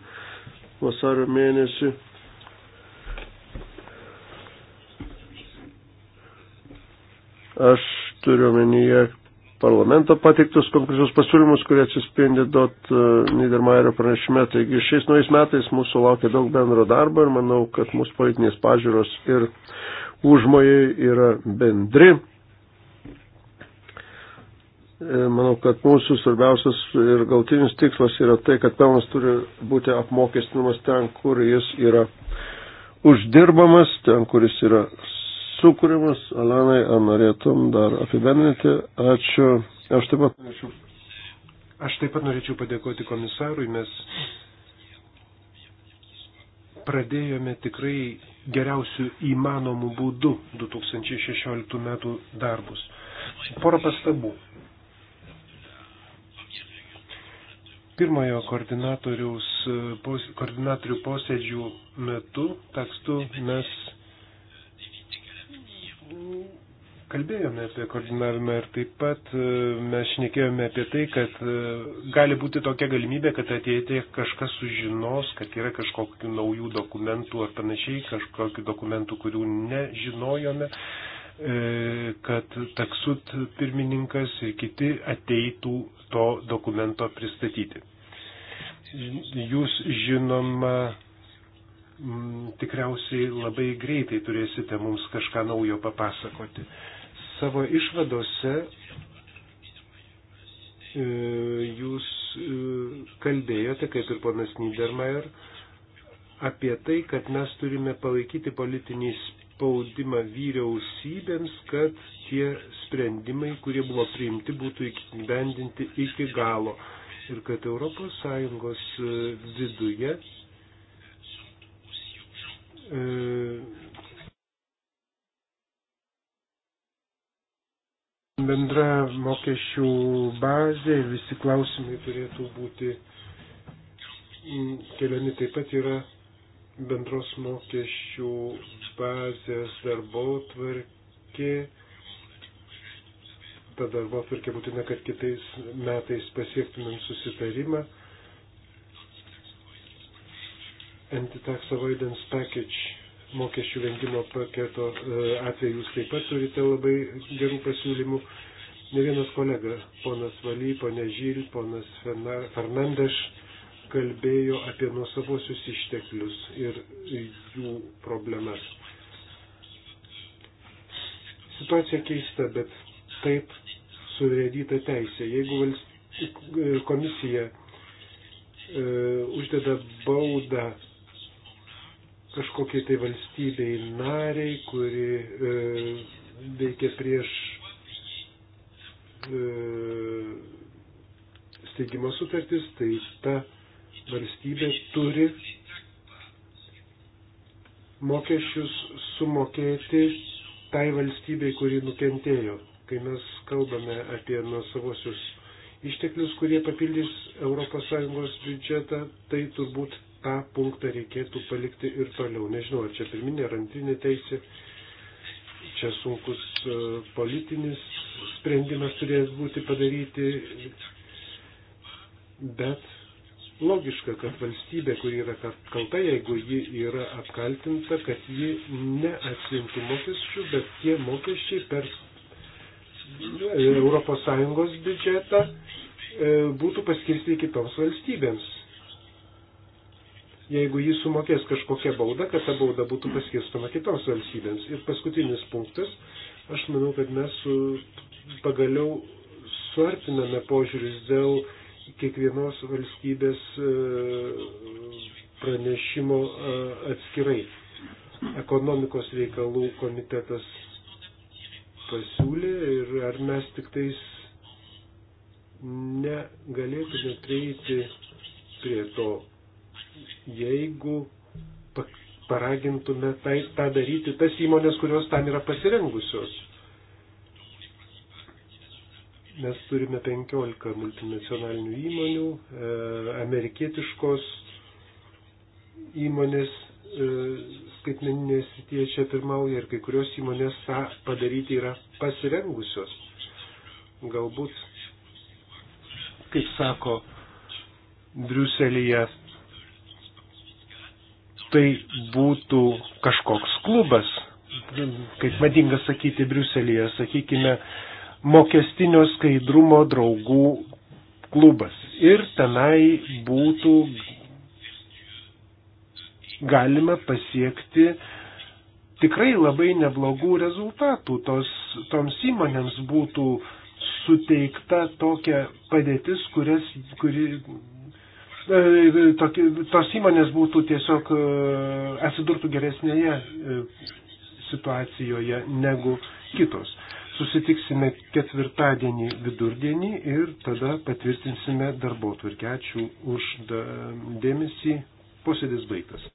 vasario mėnesį. Aš turiu omenyje parlamento pateiktus konkrečius pasiūlymus, kurie atsispindi DOT e, Niedermayerio pranešime. Taigi šiais naujais metais mūsų laukia daug bendro darbo ir manau, kad mūsų politinės pažiūros ir užmojai yra bendri. E, manau, kad mūsų svarbiausias ir galtinis tikslas yra tai, kad pelnas turi būti apmokestinamas ten, kur jis yra uždirbamas, ten, kur jis yra sukūrimas. Alanai, ar norėtum dar apibendrinti? Ačiū. Aš taip pat norėčiau. Aš taip pat norėčiau padėkoti komisarui, mes pradėjome tikrai geriausių įmanomų būdų 2016 metų darbus. Porą pastabų. Pirmojo koordinatorių posėdžių metu tekstu mes Kalbėjome apie koordinavimą ir taip pat e, mes šnekėjome apie tai, kad e, gali būti tokia galimybė, kad ateitie kažkas sužinos, kad yra kažkokių naujų dokumentų ar panašiai, kažkokių dokumentų, kurių nežinojome, e, kad taksut pirmininkas ir kiti ateitų to dokumento pristatyti. Jūs žinoma tikriausiai labai greitai turėsite mums kažką naujo papasakoti. Savo išvadose e, jūs e, kalbėjote, kaip ir ponas Niedermayer, apie tai, kad mes turime palaikyti politinį spaudimą vyriausybėms, kad tie sprendimai, kurie buvo priimti, būtų įgyvendinti iki galo. Ir kad ES e, viduje Bendra mokesčių bazė ir visi klausimai turėtų būti keliami taip pat yra bendros mokesčių bazės darbo tvarkė. Ta darbo tvarkė būtina, kad kitais metais pasiektumėm susitarimą. Anti-tax avoidance package mokesčių vengimo paketo e, atvejus taip pat turite labai gerų pasiūlymų. Ne vienas kolega, ponas Valy, ponė Žyl, ponas Fernandes kalbėjo apie nuosavosius išteklius ir jų problemas. Situacija keista, bet taip surėdyta teisė. Jeigu valst... komisija e, uždeda baudą kažkokiai tai valstybei nariai, kuri e, veikia prieš e, steigimo sutartis, tai ta valstybė turi mokesčius sumokėti tai valstybei, kuri nukentėjo. Kai mes kalbame apie nuosavosius išteklius, kurie papildys ES biudžetą, tai turbūt tą punktą reikėtų palikti ir toliau. Nežinau, ar čia pirminė ar antrinė teisė, čia sunkus e, politinis sprendimas turės būti padaryti, bet logiška, kad valstybė, kuri yra kalta, jeigu ji yra apkaltinta, kad ji neatsimtų mokesčių, bet tie mokesčiai per ES biudžetą e, būtų paskirsti kitoms valstybėms jeigu jis sumokės kažkokią baudą, kad ta bauda būtų paskirstoma kitoms valstybėms. Ir paskutinis punktas, aš manau, kad mes su, pagaliau suartiname požiūris dėl kiekvienos valstybės e, pranešimo e, atskirai. Ekonomikos reikalų komitetas pasiūlė ir ar mes tik tais negalėtume prieiti prie to jeigu paragintume tai, tą daryti tas įmonės, kurios tam yra pasirengusios. Mes turime 15 multinacionalinių įmonių, e, amerikietiškos įmonės e, skaitmeninės sitie čia pirmauja ir kai kurios įmonės tą padaryti yra pasirengusios. Galbūt, kaip sako Briuselėje tai būtų kažkoks klubas, kaip madinga sakyti Briuselėje, sakykime, mokestinio skaidrumo draugų klubas. Ir tenai būtų galima pasiekti tikrai labai neblogų rezultatų. Tos, toms įmonėms būtų suteikta tokia padėtis, kurias, kuri, E, e, tos įmonės būtų tiesiog e, atsidurtų geresnėje situacijoje negu kitos. Susitiksime ketvirtadienį vidurdienį ir tada patvirtinsime darbo tvarkę. Ačiū už dėmesį. Posėdis baigtas.